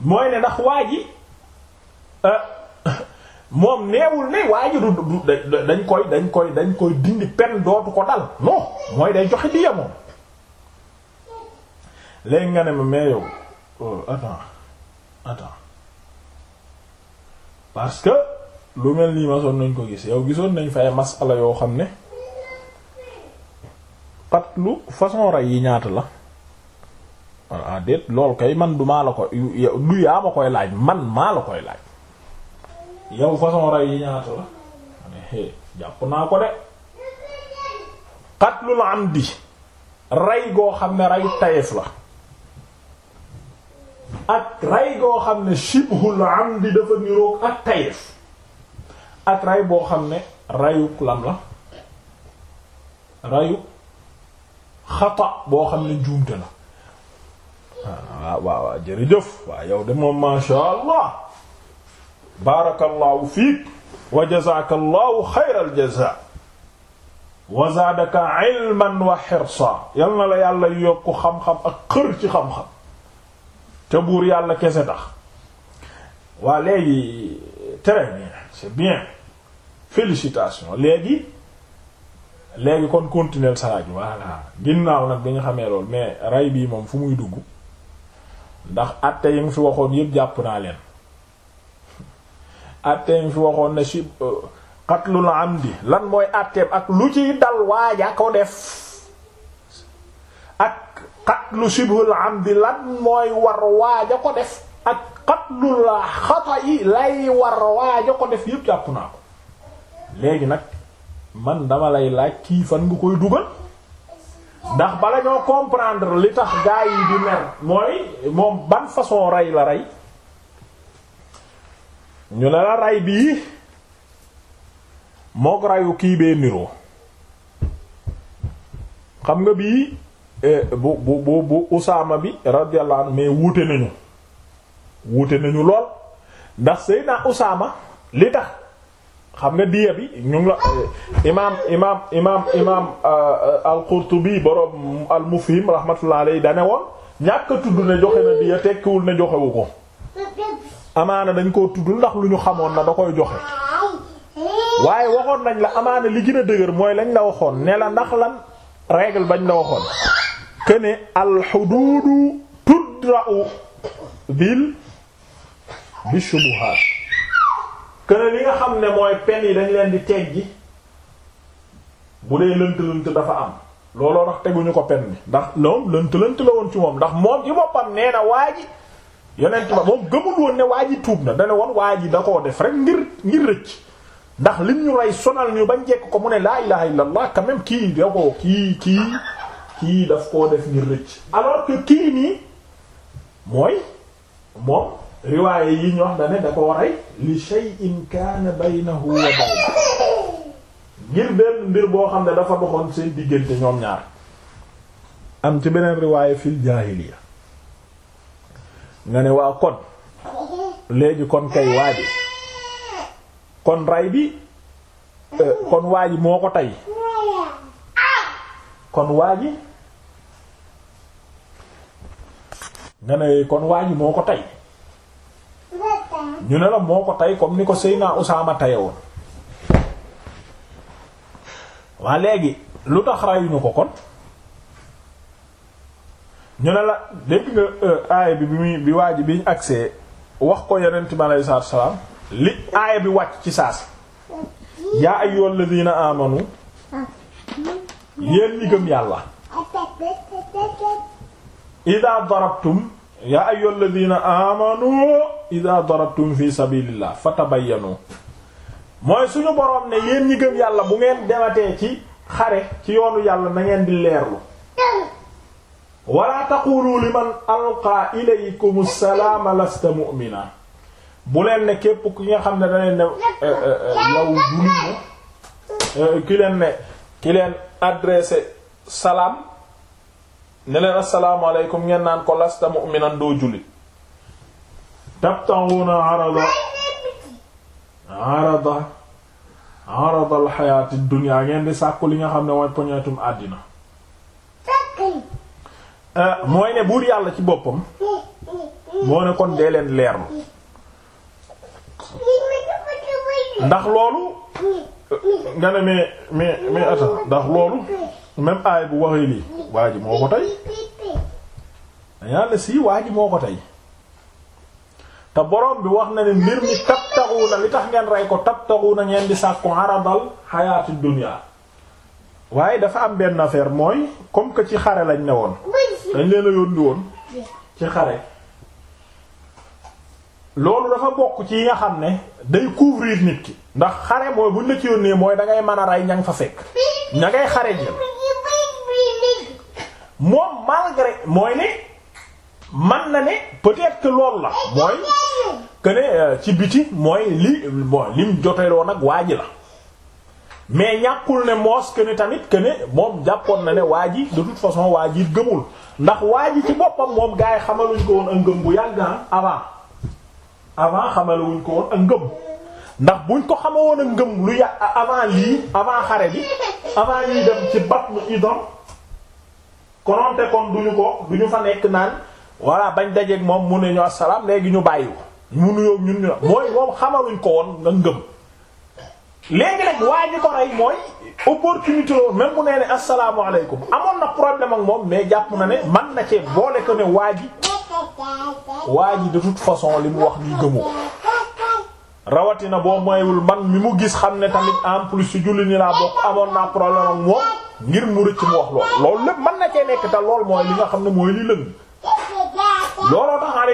mooy ne ndax waa ji euh, moom neewul ne waaye ji du dañ koy dañ koy dañ koy dindi pen dootu ko dal non mooy day joxe diya moom léegi nga ne ma mais yow euh, parce que lu mel nii ma soon nañ ko gis yow gisoon nañ fay masala yoo xam ne patlu façon rey yi ñaata la ah déet lool kay man du maa la koy du yaa ma koy laaj man maa la koy laaj yow façon rey yi ñaata la mane jàpp naa ko de qatlul amdi rey goo xam ne rey tayef la ak rey goo xam ne shibhul amdi dafa niroog ak tayef ak rey boo xam ne reyuk lam la reyu xata boo xam ne njuumte la ah, waaw waaw waaw jërëjëf waaw yow de moom masha Allah baarakallahu fiik wa jazaakallahu xayral jazaa wa zaadaka ilman wa xirsa yal na la yàlla yokku xam-xam ak xër ci te buur yàlla kese tax waa léegi très bien c'est bien félicitations léegi léegi kon continuer sa laaj voilà ginnaaw nag bi nga xamee lool mais rey bii moom fu muy dugg ndax àtte yi nga fi waxoon yépp jàpp naa leen atteem fi waxoon ne si euh, qatlul amdi lan mooy atteem ak lu ciy dal waaja ko def ak qatlu shibhul amdi lan mooy war waaja ko def ak qatlu la xata yi lay war waaja ko def yépp jàpp naa ko léegi nag man dama lay laaj kii fan nga koy dugal ndax bala ñoo comprendre li tax gaa yi di mer mooy moom ban façon rey la rey ñu ne la ray bii mook rayu kii bee niroo xam nga bi eh, bu bu bu bu usaama bi radiyallahu anhu mais wuute nañu wuute nañu lool ndax Seydina usaama li tax xam nga diya bi ñu ngi la eh, imaam imaam imaam imaam eh, al-Qurtubi borom al-Mufhim rahmatullah alayhi da ne woon ñàkk tudd ne joxe na diya tekkiwul ne joxewu ko amaana dañ koo tuddul ndax lu ñu xamoon na da koy joxe waaye waxoon nañ la amaana li gën a dëgër mooy lañ la waxoon ne la ndax lan règle bañ la waxoon que ne alxuduudu tudra'u bil bi shubuhaat que li nga xam ne mooy pen yi dañ leen di teggi bu dee lënt-lënt dafa am looloo tax teguñu ko pen bi ndax loom lënt-lënt la woon ci moom ndax moom ci boppam nee na waa yeneen ba moom gëmul woon ne waa ji tuub na dane woon waa ji da koo def rek ngir ngir rëcc ndax lim ñu rey sonal ñu bañ jekk ko mu ne laa ilaha illallah quand même kii da ko kii kii kii daf koo def ngir rëcc alors que kii nii mooy moom riwaaye yi ñu wax da ne da koo rey li shay'in kaana baynahu wa bayna ngir benn mbir boo xam ne dafa doxoon seen diggante ñoom ñaar am ci beneen riwaaye fil jaahiliya nga ne waaw kon léegi kon kay waaji kon ray bi euh, kon waaji moo ko tey kon waaji nga ne kon waaji moo ko tey ñu ne la moo ko tey comme ni ko Seyna Usaama teyewoon waa léegi lu tax rayuñu ko kon ñu ne la dégg nga euh, aaya bi bi muy bi waaj bi ñu wax ko yonent bi aleyhi salaatu salaam li aaya bi wàcc ci saasi yaa ayyuhal ladina amanu yéen ñi gëm yàlla ida darabtum yaa ayyuhal ladina amanu ida darabtum fi sabilillah fatabayyanu mooy suñu boroom ne yéen ñi gëm yàlla bu ngeen dematee ci xare ci yoonu yàlla na ngeen di leerlu wala taqulu liman alqaa ilaykum salaama lasta mu'mina bu leen ne képp ki nga xam ne da leen ne yow eh, eh, eh, jullit ki leen ne ki leen adressé salaam ne leen assalaamu alaykum ngeen naan ko lasta mu'minan doo jullit tabtaghuuna arada arada arada al hayaati ngeen di sàkku li nga xam ne mooy poñeetum àddina Euh, mooy ne buur yàlla ci boppam moo ne kon dee leen leerlu ndax loolu nga ne mais mais mais ndax loolu même aay bu waxee lii waa ji moo ko tey dañaa ne sii waa ji moo ko tey te borom bi wax na ne mbir mi na li tax ngeen rey ko tabtaxuuna ngeen di sàkku aradal xayaati dunya waaye dafa am benn affaire mooy comme que ci xare lañ ne woon dañ leen a yónni woon ci xare loolu dafa bokk ci yi nga xam ne day couvrir nit ki ndax xare mooy buñ la ci yónnee mooy dangay ngay mën a ray ña fa fekk ña xare ji moom malgré mooy ne man na ne peut-être que loolu la mooy que euh, ci biti mooy li bon lim jotee woon ak waa ji la mais ñàkkul ne moos que tamit que ne moom jàppoon na ne waa ji de toute façon waa ji gëmul ndax waa ji ci boppam moom gaa yi xamaluñ ko woon ak ngëm bu yàgg avant avant xamaluñ ko woon ak ngëm ndax buñ ko xama woon ak ngëm lu yà avant lii avant xare bi avant yi dem ci bat mu idom kononte kon duñu ko duñu fa nekk naan voilà bañ dajeeg moom mu ne ñu asalaam léegi ñu bàyyi ko mu nuyoo ñun ñu mooy moom xamaluñ ko woon ak ngëm léegi nag waa ji ko rey mooy opportunité loolu même bu nee ne asalaamaaleykum amoon na problème ak moom mais jàpp na ne man na cee boole ko ne waa ji waa ji de toute façon li mu wax nii gëmu ko rawatina boo moywul man mi mu gis xam ne tamit en plus si julli ni laa bokk amoon naa problème ak moom ngir mu rëcc mu wax loolu lépp mën na cee nekk te lool mooy li nga xam ne mooy li lëng looloo tax